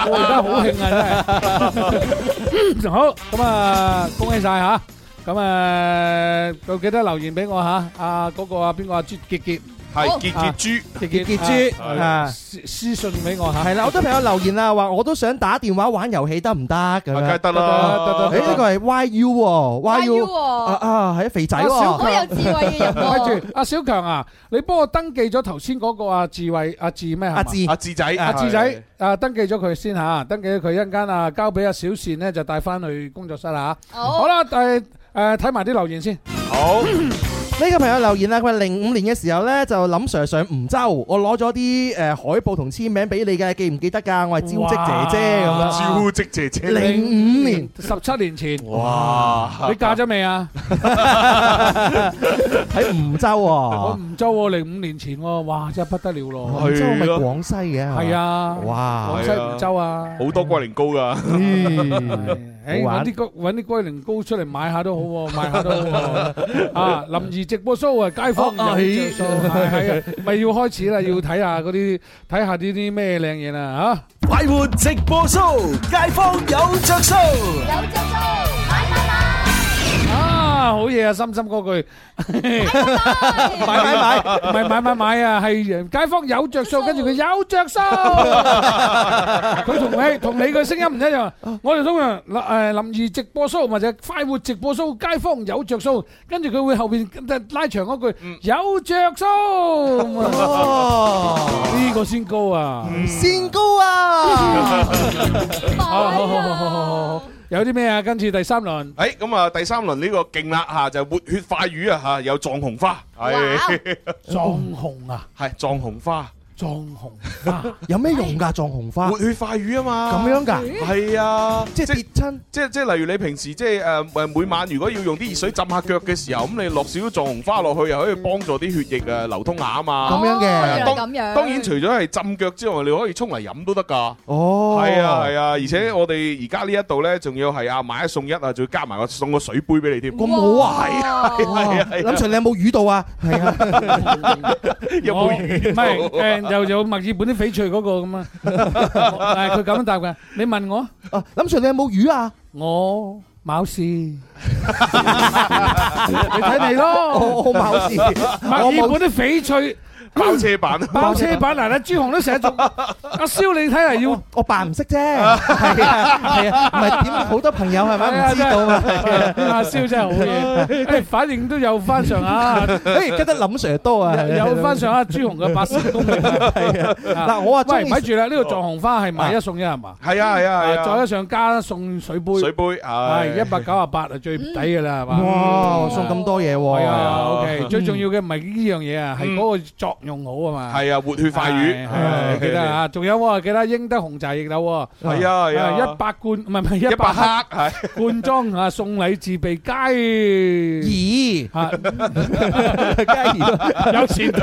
Speaker 4: 我而家好興啊，真
Speaker 6: 係好，咁啊，
Speaker 4: 恭喜晒吓，咁啊，都記得留言俾我吓，阿嗰個阿邊個阿朱杰杰。係杰杰豬，杰杰杰豬，啊，私信俾我吓。係啦，好多
Speaker 6: 朋友留言啊，話我都想打電話玩遊戲得唔得咁咧？梗係得啦，得得。你呢個係 YU，YU，啊啊，係肥仔，好有智慧嘅人。跟住，
Speaker 4: 阿小強啊，你幫我登記咗頭先嗰個阿智慧，阿智咩？阿智，阿智仔，阿智仔，啊，登記咗佢先吓，登記咗佢一陣間啊，交俾阿小善咧，就帶翻去工作室啦
Speaker 6: 吓。好。好啦，誒誒，睇埋啲留言先。好。呢個朋友留言啦，佢話零五年嘅時候咧就林 Sir 上梧州，我攞咗啲誒海報同簽名俾你嘅，記唔記得噶？我係招積姐姐咁樣，招積姐姐。零五年，十七年前。哇！你嫁咗未啊？喺梧州啊，我梧
Speaker 4: 州，零五年前，哇，真係不得了咯。梧州係廣西嘅，係啊，哇，廣西梧州啊，
Speaker 5: 好多龜苓膏噶。揾啲
Speaker 4: 骨，揾啲龜苓膏出嚟買下都好，哦，買下都好，哦、 啊！臨時直播 show 啊，街坊有著數，係啊，咪要開始啦，要睇下啲，睇下啲啲咩靚嘢啦，吓！快活直播 show，街坊有著數，有著數，來來來。Bye bye bye. 啊，好嘢啊！心心嗰句，買買買，唔係買買買啊，係街坊有着數，跟住佢有着數，佢同你同你嘅聲音唔一樣。我哋通常誒林怡直播 show，或者快活直播 show，街坊有着數，跟住佢會後邊拉長嗰句有着數，呢個先高啊，先高
Speaker 7: 啊，好好好。
Speaker 4: 有啲咩啊？跟住第三輪，
Speaker 5: 誒、哎，咁、嗯、啊，第三輪呢個勁啦吓，就活、是、血化瘀啊吓，有藏紅花，藏、哎、哇 紅啊，係藏紅花。
Speaker 6: 藏紅有咩用㗎？藏紅
Speaker 5: 花活血化瘀啊嘛！咁樣㗎？係啊，即係跌親，即係即係，例如你平時即係誒誒，每晚如果要用啲熱水浸下腳嘅時候，咁你落少少藏紅花落去，又可以幫助啲血液啊流通下啊嘛！咁樣嘅，當然除咗係浸腳之外，你可以沖嚟飲都得㗎。哦，係啊係啊，而且我哋而家呢一度咧，仲要係啊買一送一啊，仲要加埋個送個水杯俾你添。咁好喎，係
Speaker 6: 係啊！林 Sir，你有冇魚到啊？係啊，
Speaker 4: 有冇魚？係誒。又有墨爾本啲翡翠嗰，那個咁啊，但係佢咁樣答嘅。你問我，
Speaker 6: 啊，林 Sir，你有冇魚啊？
Speaker 4: 我冇沒事， 你睇你咯，我冇事。墨爾本啲翡翠。包車版，包車版嗱，你豬紅都成日做，阿蕭你睇下要我扮唔識啫，係啊，係啊，唔係點啊？好多朋友係咪？唔知道啦，阿蕭真係好嘢，誒反應都有翻上下！誒跟得諗 sir 多啊，有翻上阿豬紅嘅八成功力，係啊！嗱，我話喂，睇住啦，呢個藏紅花係買一送一係嘛？係啊，係啊，係啊，再一上加送水杯，水杯啊，係一百九十八啊，最抵㗎啦！哇，送咁多嘢喎，係啊，OK，最重要嘅唔係呢樣嘢啊，係嗰個作。用好啊嘛，係
Speaker 5: 啊，活血化瘀，記得啊，
Speaker 4: 仲有記得英德紅茶亦有喎，係啊，一百罐唔係唔係一百克，係罐裝啊，送禮自備佳怡，佳怡有前途。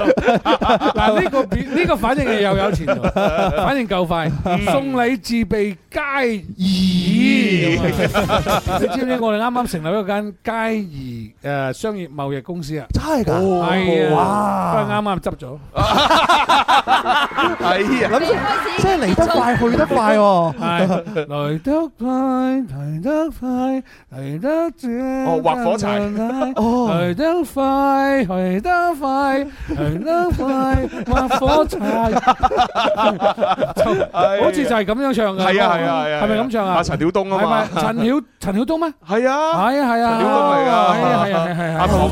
Speaker 4: 嗱呢個呢個反應又有前途，反應夠快，送禮自備佳怡，你知唔知我哋啱啱成立一間佳怡誒商業貿易公司啊？真係噶，係啊，都係啱啱執咗。
Speaker 5: 啊！係啊，諗住
Speaker 4: 開始即係嚟得快去得快喎。係嚟得快，嚟得快，嚟得快。哦，劃火柴。哦，嚟得快，嚟得快，嚟得
Speaker 7: 快，劃火柴。
Speaker 4: 好似就係咁樣唱㗎。係啊係啊係啊！係咪咁唱啊？陳曉東啊嘛。係咪陳曉？陳曉東咩？係啊係啊係啊！陳曉東嚟㗎。係啊係啊
Speaker 7: 係啊！阿彤。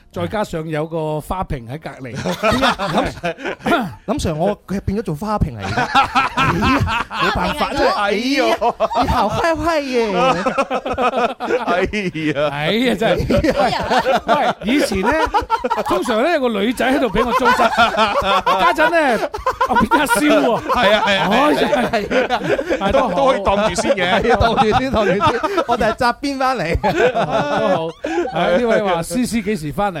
Speaker 6: 再加上有個花瓶喺隔籬，點啊？林 Sir, 林 Sir，我佢係變咗做花瓶嚟嘅。冇辦法，真係哎呀，你頭開開嘅，
Speaker 4: 哎呀，哎呀，真係喂。以前咧，通常咧有個女仔喺度俾我裝衫，家陣咧邊刻燒喎？係啊係啊，都都可以當住先嘅，當住先同你知，
Speaker 6: 我哋係扎邊翻嚟。好，呢、 哎、位話詩
Speaker 4: 詩幾時翻嚟？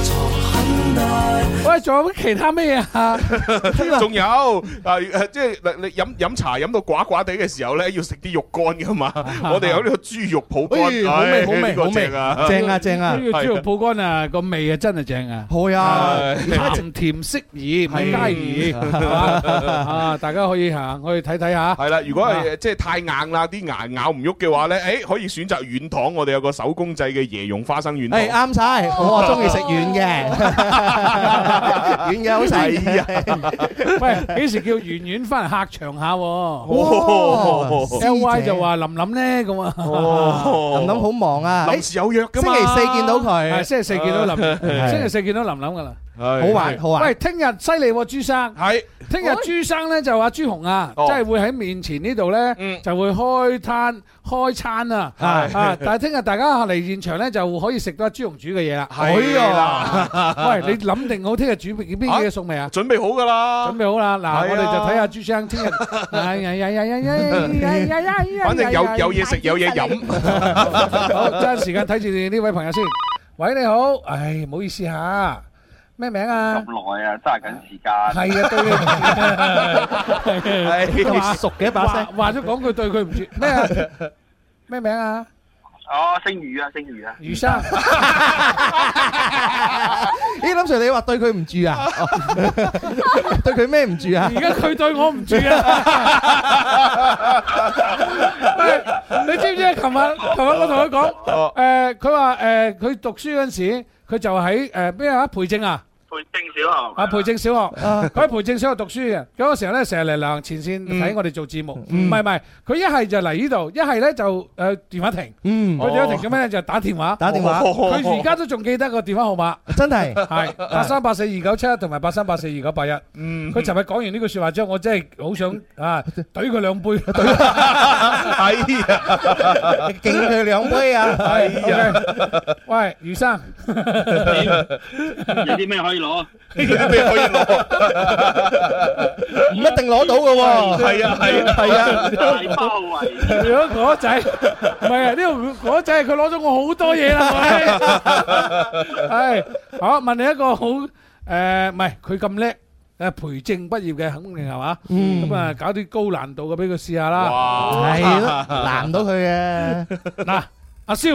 Speaker 5: 喂，仲有其他咩啊？仲有啊，即係你飲飲茶飲到寡寡地嘅時候咧，要食啲肉乾噶嘛？我哋有呢個豬肉脯乾啊，好味好味好味啊！正啊正啊！豬肉脯
Speaker 4: 乾啊，個味啊真係正啊！好呀，鹹
Speaker 5: 甜適宜，唔佳宜啊！大家可以吓，可以睇睇吓。係啦，如果係即係太硬啦，啲牙咬唔喐嘅話咧，誒，可以選擇軟糖。我哋有個手工製嘅椰蓉花生軟糖，啱晒，我中意食軟嘅。
Speaker 6: 遠
Speaker 4: 嘅 好細 啊！喂哇，幾時叫圓圓翻嚟客場下？哦，L Y 就話
Speaker 6: 林林咧咁啊！哦哇，林林好忙啊！臨時有約噶嘛？星期四見到佢，
Speaker 4: 星期四見到林， 星期四見到林林噶啦。
Speaker 3: 好玩，好玩。
Speaker 4: 喂，聽日犀利喎，朱生。係，聽日朱生咧就話朱紅啊，即係會喺面前呢度咧，就會開攤開餐啊。係啊，但係聽日大家嚟現場咧，就可以食到阿朱紅煮嘅嘢啦。係啊，喂，你諗定好聽日煮邊幾個餸未啊？準備好噶啦，準備好啦。嗱，我哋就睇下朱生聽日。反正有
Speaker 6: 有嘢食，有嘢飲。
Speaker 4: 好，揸時間睇住呢位朋友先。喂，你好。唉，唔好意思吓。咩名啊？
Speaker 1: 咁耐啊，揸緊時間。係啊，
Speaker 4: 對佢、啊、唔、 啊、住。話熟嘅一把聲，話咗講句對佢唔住。咩啊？
Speaker 6: 咩名啊？哦，姓余啊，姓余啊。余生。咦，林 Sir，你話對佢唔住啊？ 對佢咩唔住啊？而家佢
Speaker 4: 對我唔住啊？ 你知唔知？琴晚，琴晚我同佢講，誒、呃，佢話，誒，佢讀書嗰陣時，佢就喺誒咩啊？培正啊？呃呃培正小學，阿培正小學，佢喺培正小學讀書嘅，咁個時候咧，成日嚟《流行前線》睇我哋做節目，唔係唔係，佢一係就嚟呢度，一係咧就誒電話亭，嗯，電話亭咁樣咧就打電話，打電話，佢而家都仲記得個電話號碼，真係係八三八四二九七一，同埋八三八四二九八一，嗯，佢尋日講完呢句說話之後，我真係好想啊懟佢兩杯，懟，係啊，敬佢兩杯啊，係啊，喂，余生，有
Speaker 5: 啲咩可以？攞，跟
Speaker 6: 住啲
Speaker 4: 咩可以攞？
Speaker 5: 唔一定攞到㗎喎。係啊係，啊係啊！大包圍，如果
Speaker 4: 果仔，唔係啊，呢度果仔佢攞咗我好多嘢啦，係。好，問你一個好誒，唔係佢咁叻誒，培正畢業嘅，肯定係嘛？咁啊，搞啲高難度嘅俾佢試下啦。係咯，難
Speaker 6: 到佢啊。嗱，阿少。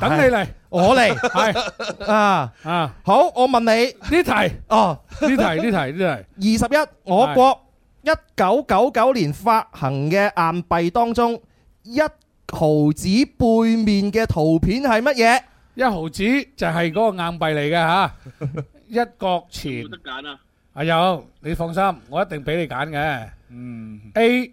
Speaker 6: 等你嚟，我嚟係啊啊！好，我問你呢題哦，呢題呢題呢題，二十一，我國一九九九年發行嘅硬幣當中，一毫子背面嘅圖片係乜嘢？一毫子
Speaker 4: 就係嗰個硬幣嚟嘅吓，一角錢。冇得揀啊！阿友，你放心，我一定俾你揀嘅。嗯，A。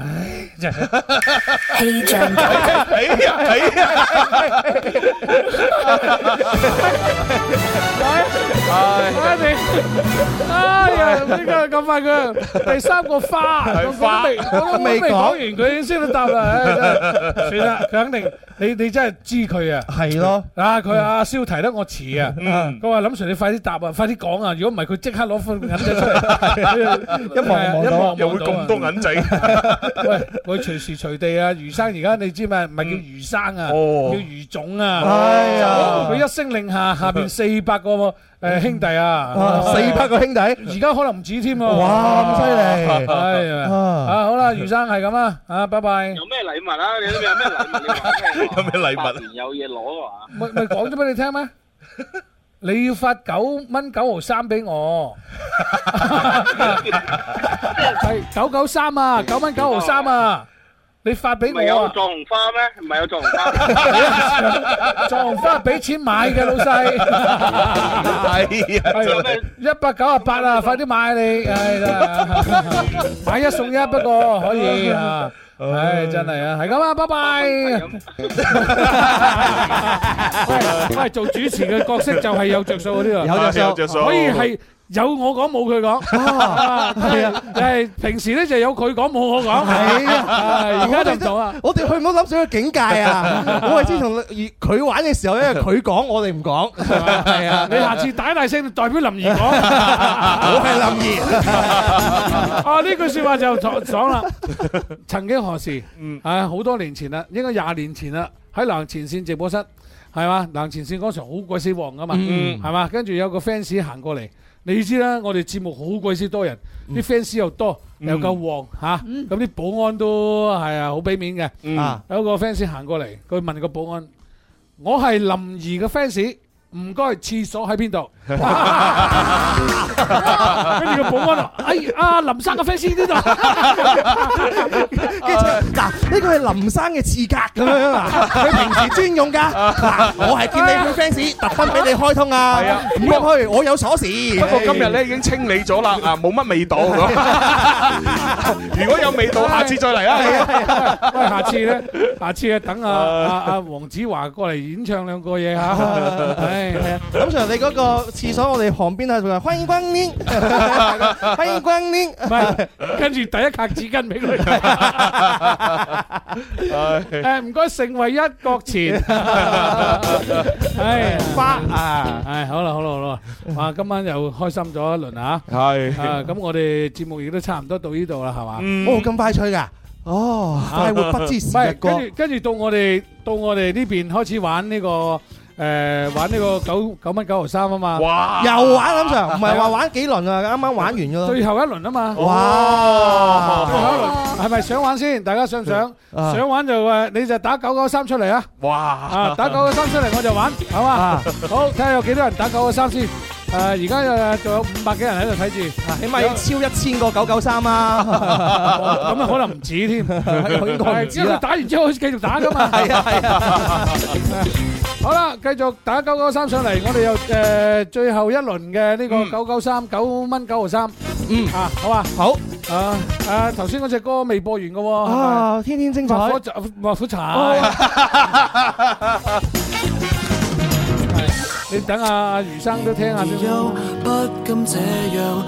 Speaker 4: 唉，真係氣象台，哎呀，哎呀，快，快啲，哎呀，點解咁快噶？第三個花，我未，我都未講完佢，先都答啦，算啦，佢肯定，你你真係知佢啊？係咯，啊，佢阿蕭提得我遲啊，佢話林 Sir 你快啲答啊，快啲講啊，如果唔係佢即刻攞封銀仔出嚟，一望望到，又會咁
Speaker 5: 多銀仔。喂，佢隨時隨
Speaker 4: 地啊！余生而家你知咪？唔係叫余生啊，叫余總啊！哎呀，佢一聲令下，下邊四百個誒兄弟啊，四百
Speaker 6: 個兄弟，而家可能
Speaker 4: 唔止添喎！哇，咁犀利！啊，好啦，余生係咁啊，啊，拜拜！有
Speaker 5: 咩禮物呀？你有咩禮物？你講聽。有咩禮物？有嘢攞
Speaker 4: 啊！咪咪講咗俾你聽咩？你要發九蚊九毫三俾我，係九九三啊，九蚊九毫三啊，你發俾我啊！唔係有藏
Speaker 6: 紅花咩？唔係有藏紅花，藏
Speaker 4: 紅 花係俾錢買嘅老細，係啊，一百九十八啊， 快啲買你，哎呀，買一送一，不過可以啊。唉，唉真係是啊，係咁啊，拜拜。
Speaker 3: 喂，
Speaker 4: 喂做主持嘅角色就係有着數嗰啲啊， 有着數，有着數，可以係。有我講冇佢講，係啊！誒，平時咧就有佢講冇我講，係而家點
Speaker 6: 做啊？我哋唔好諗上個境界啊！我係先同佢玩嘅時候咧，佢講我哋唔講，係啊！你下次大大聲，代表林怡講，我係林怡
Speaker 4: 啊！呢句説話就爽爽啦！曾幾何時，嗯，係好多年前啦，應該廿年前啦，喺流行前線直播室係嘛？流行前線嗰場好鬼死旺噶嘛，係嘛？跟住有個 fans 行過嚟。你知啦，我哋節目好鬼死多人，啲 fans、嗯、又多又夠旺嚇，咁啲、嗯啊、保安都係啊，好俾面嘅啊，有一個 fans 行過嚟，佢問個保安：我係林儀嘅 fans。唔該，廁所喺邊度？
Speaker 3: 跟住個保
Speaker 6: 安啊，哎，阿林生嘅 fans 呢度，跟住嗱，呢個係林生嘅刺格咁樣，佢平時專用㗎。我係見你個 fans 特登俾你開通啊，唔入去我有鎖匙。不過今日
Speaker 5: 咧已經清理咗啦，啊，
Speaker 6: 冇乜味道。如果有
Speaker 4: 味道，下次再嚟啊。喂，下次咧，下次啊，等阿阿阿黃子華過嚟演唱兩個嘢嚇。係啊，咁就
Speaker 6: 你嗰個廁所，我哋旁邊咧就歡迎光臨，歡迎光臨，唔係，
Speaker 4: 跟住第一格紙巾俾佢。誒，唔該，成為一國錢，誒，花啊，誒，好啦，好啦，好啦，哇，今晚又開心咗一輪啊，係，咁我哋節目亦都差唔多到呢度啦，係嘛？哦，
Speaker 6: 咁快脆噶，哦，快活不知時日過，跟
Speaker 4: 住跟住到我哋到我哋呢邊開始玩呢個。誒，玩呢個九九蚊九毫三啊嘛，又玩咁長，唔係話玩
Speaker 6: 幾輪啊，啱啱玩完噶咯，最後
Speaker 4: 一輪啊嘛，哇，最
Speaker 6: 後一輪係咪想玩先？大家想唔想？
Speaker 4: 想玩就誒，你就打九九三出嚟啊！哇，啊，打九九三出嚟我就玩，係嘛？好，睇下有幾多人打九九三先。誒，而家誒仲有五百幾人喺度睇住，起碼要
Speaker 6: 超一千個九九三啊！咁啊可能唔止添， 止只要打完之後繼續打噶嘛。係啊係啊。
Speaker 4: 好啦，繼續打九九三上嚟，我哋又誒、呃、最後一輪嘅呢個九九三九蚊九毫三。嗯啊，好啊。好啊誒，頭先嗰隻歌未播完㗎喎。啊，
Speaker 6: 天天精彩。白
Speaker 4: 虎茶。哦 S 2笑你等下，阿余生都聽下先。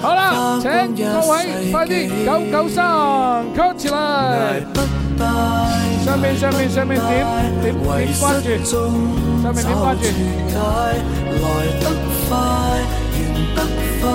Speaker 4: 好啦，請各位快啲九九三 cut 起啦。
Speaker 7: 上面上面上面點點點關注，上面點關注。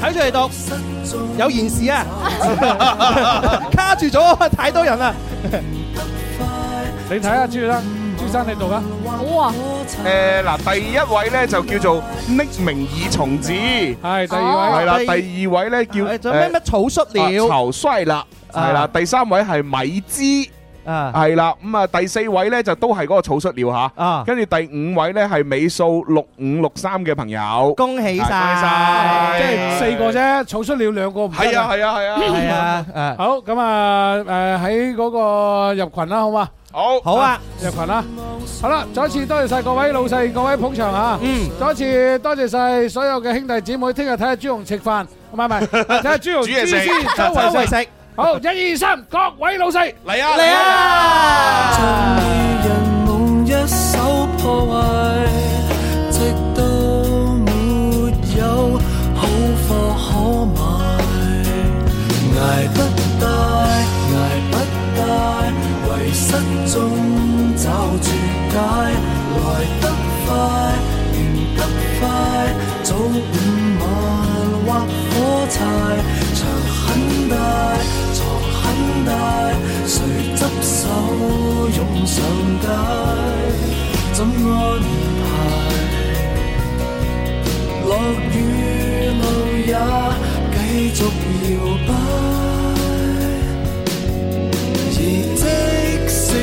Speaker 6: 睇出嚟讀，有延時啊，卡住咗，太多人啦。
Speaker 5: 你睇下朱
Speaker 6: 生，朱生你讀啦。好啊。
Speaker 5: 誒，嗱，第一位咧就叫做匿名耳蟲子，係第二位係啦，第二位咧叫仲有咩咩草衰了，係啦，第三位係米芝。啊，係啦，咁啊第四位咧就都係嗰個草率了吓，啊，跟住第五位咧係尾數六五六三嘅朋友，恭喜晒，即係四個啫，草率了兩個，係啊係啊係啊，係啊，誒，好，咁啊誒
Speaker 4: 喺嗰個入群啦，好嘛，好，好啊，入群啦，好啦，再一次多謝晒各位老細，各位捧場吓，嗯，再一次多謝晒所有嘅兄弟姊妹，聽日睇下朱紅食飯，唔係唔係，睇下朱紅煮嘢食，周圍食。
Speaker 7: 好，一二三，各位老細，嚟啊！嚟啊！誰執手湧上街？怎安排？落雨路也繼續搖擺。而即使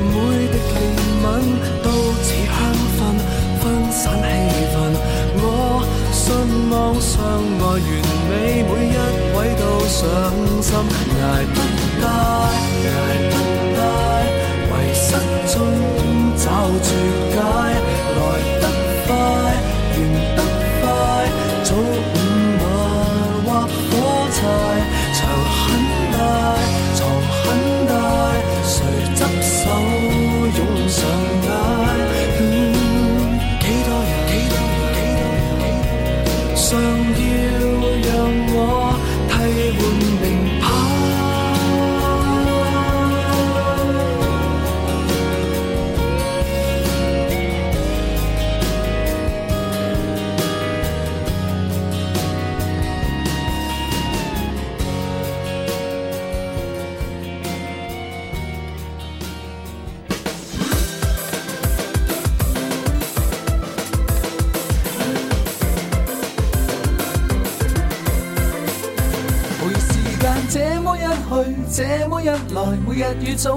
Speaker 7: 每滴憐憫都似香氛，分散氣氛。我信望相愛完美。傷心捱不低，捱不低，遺失中找著。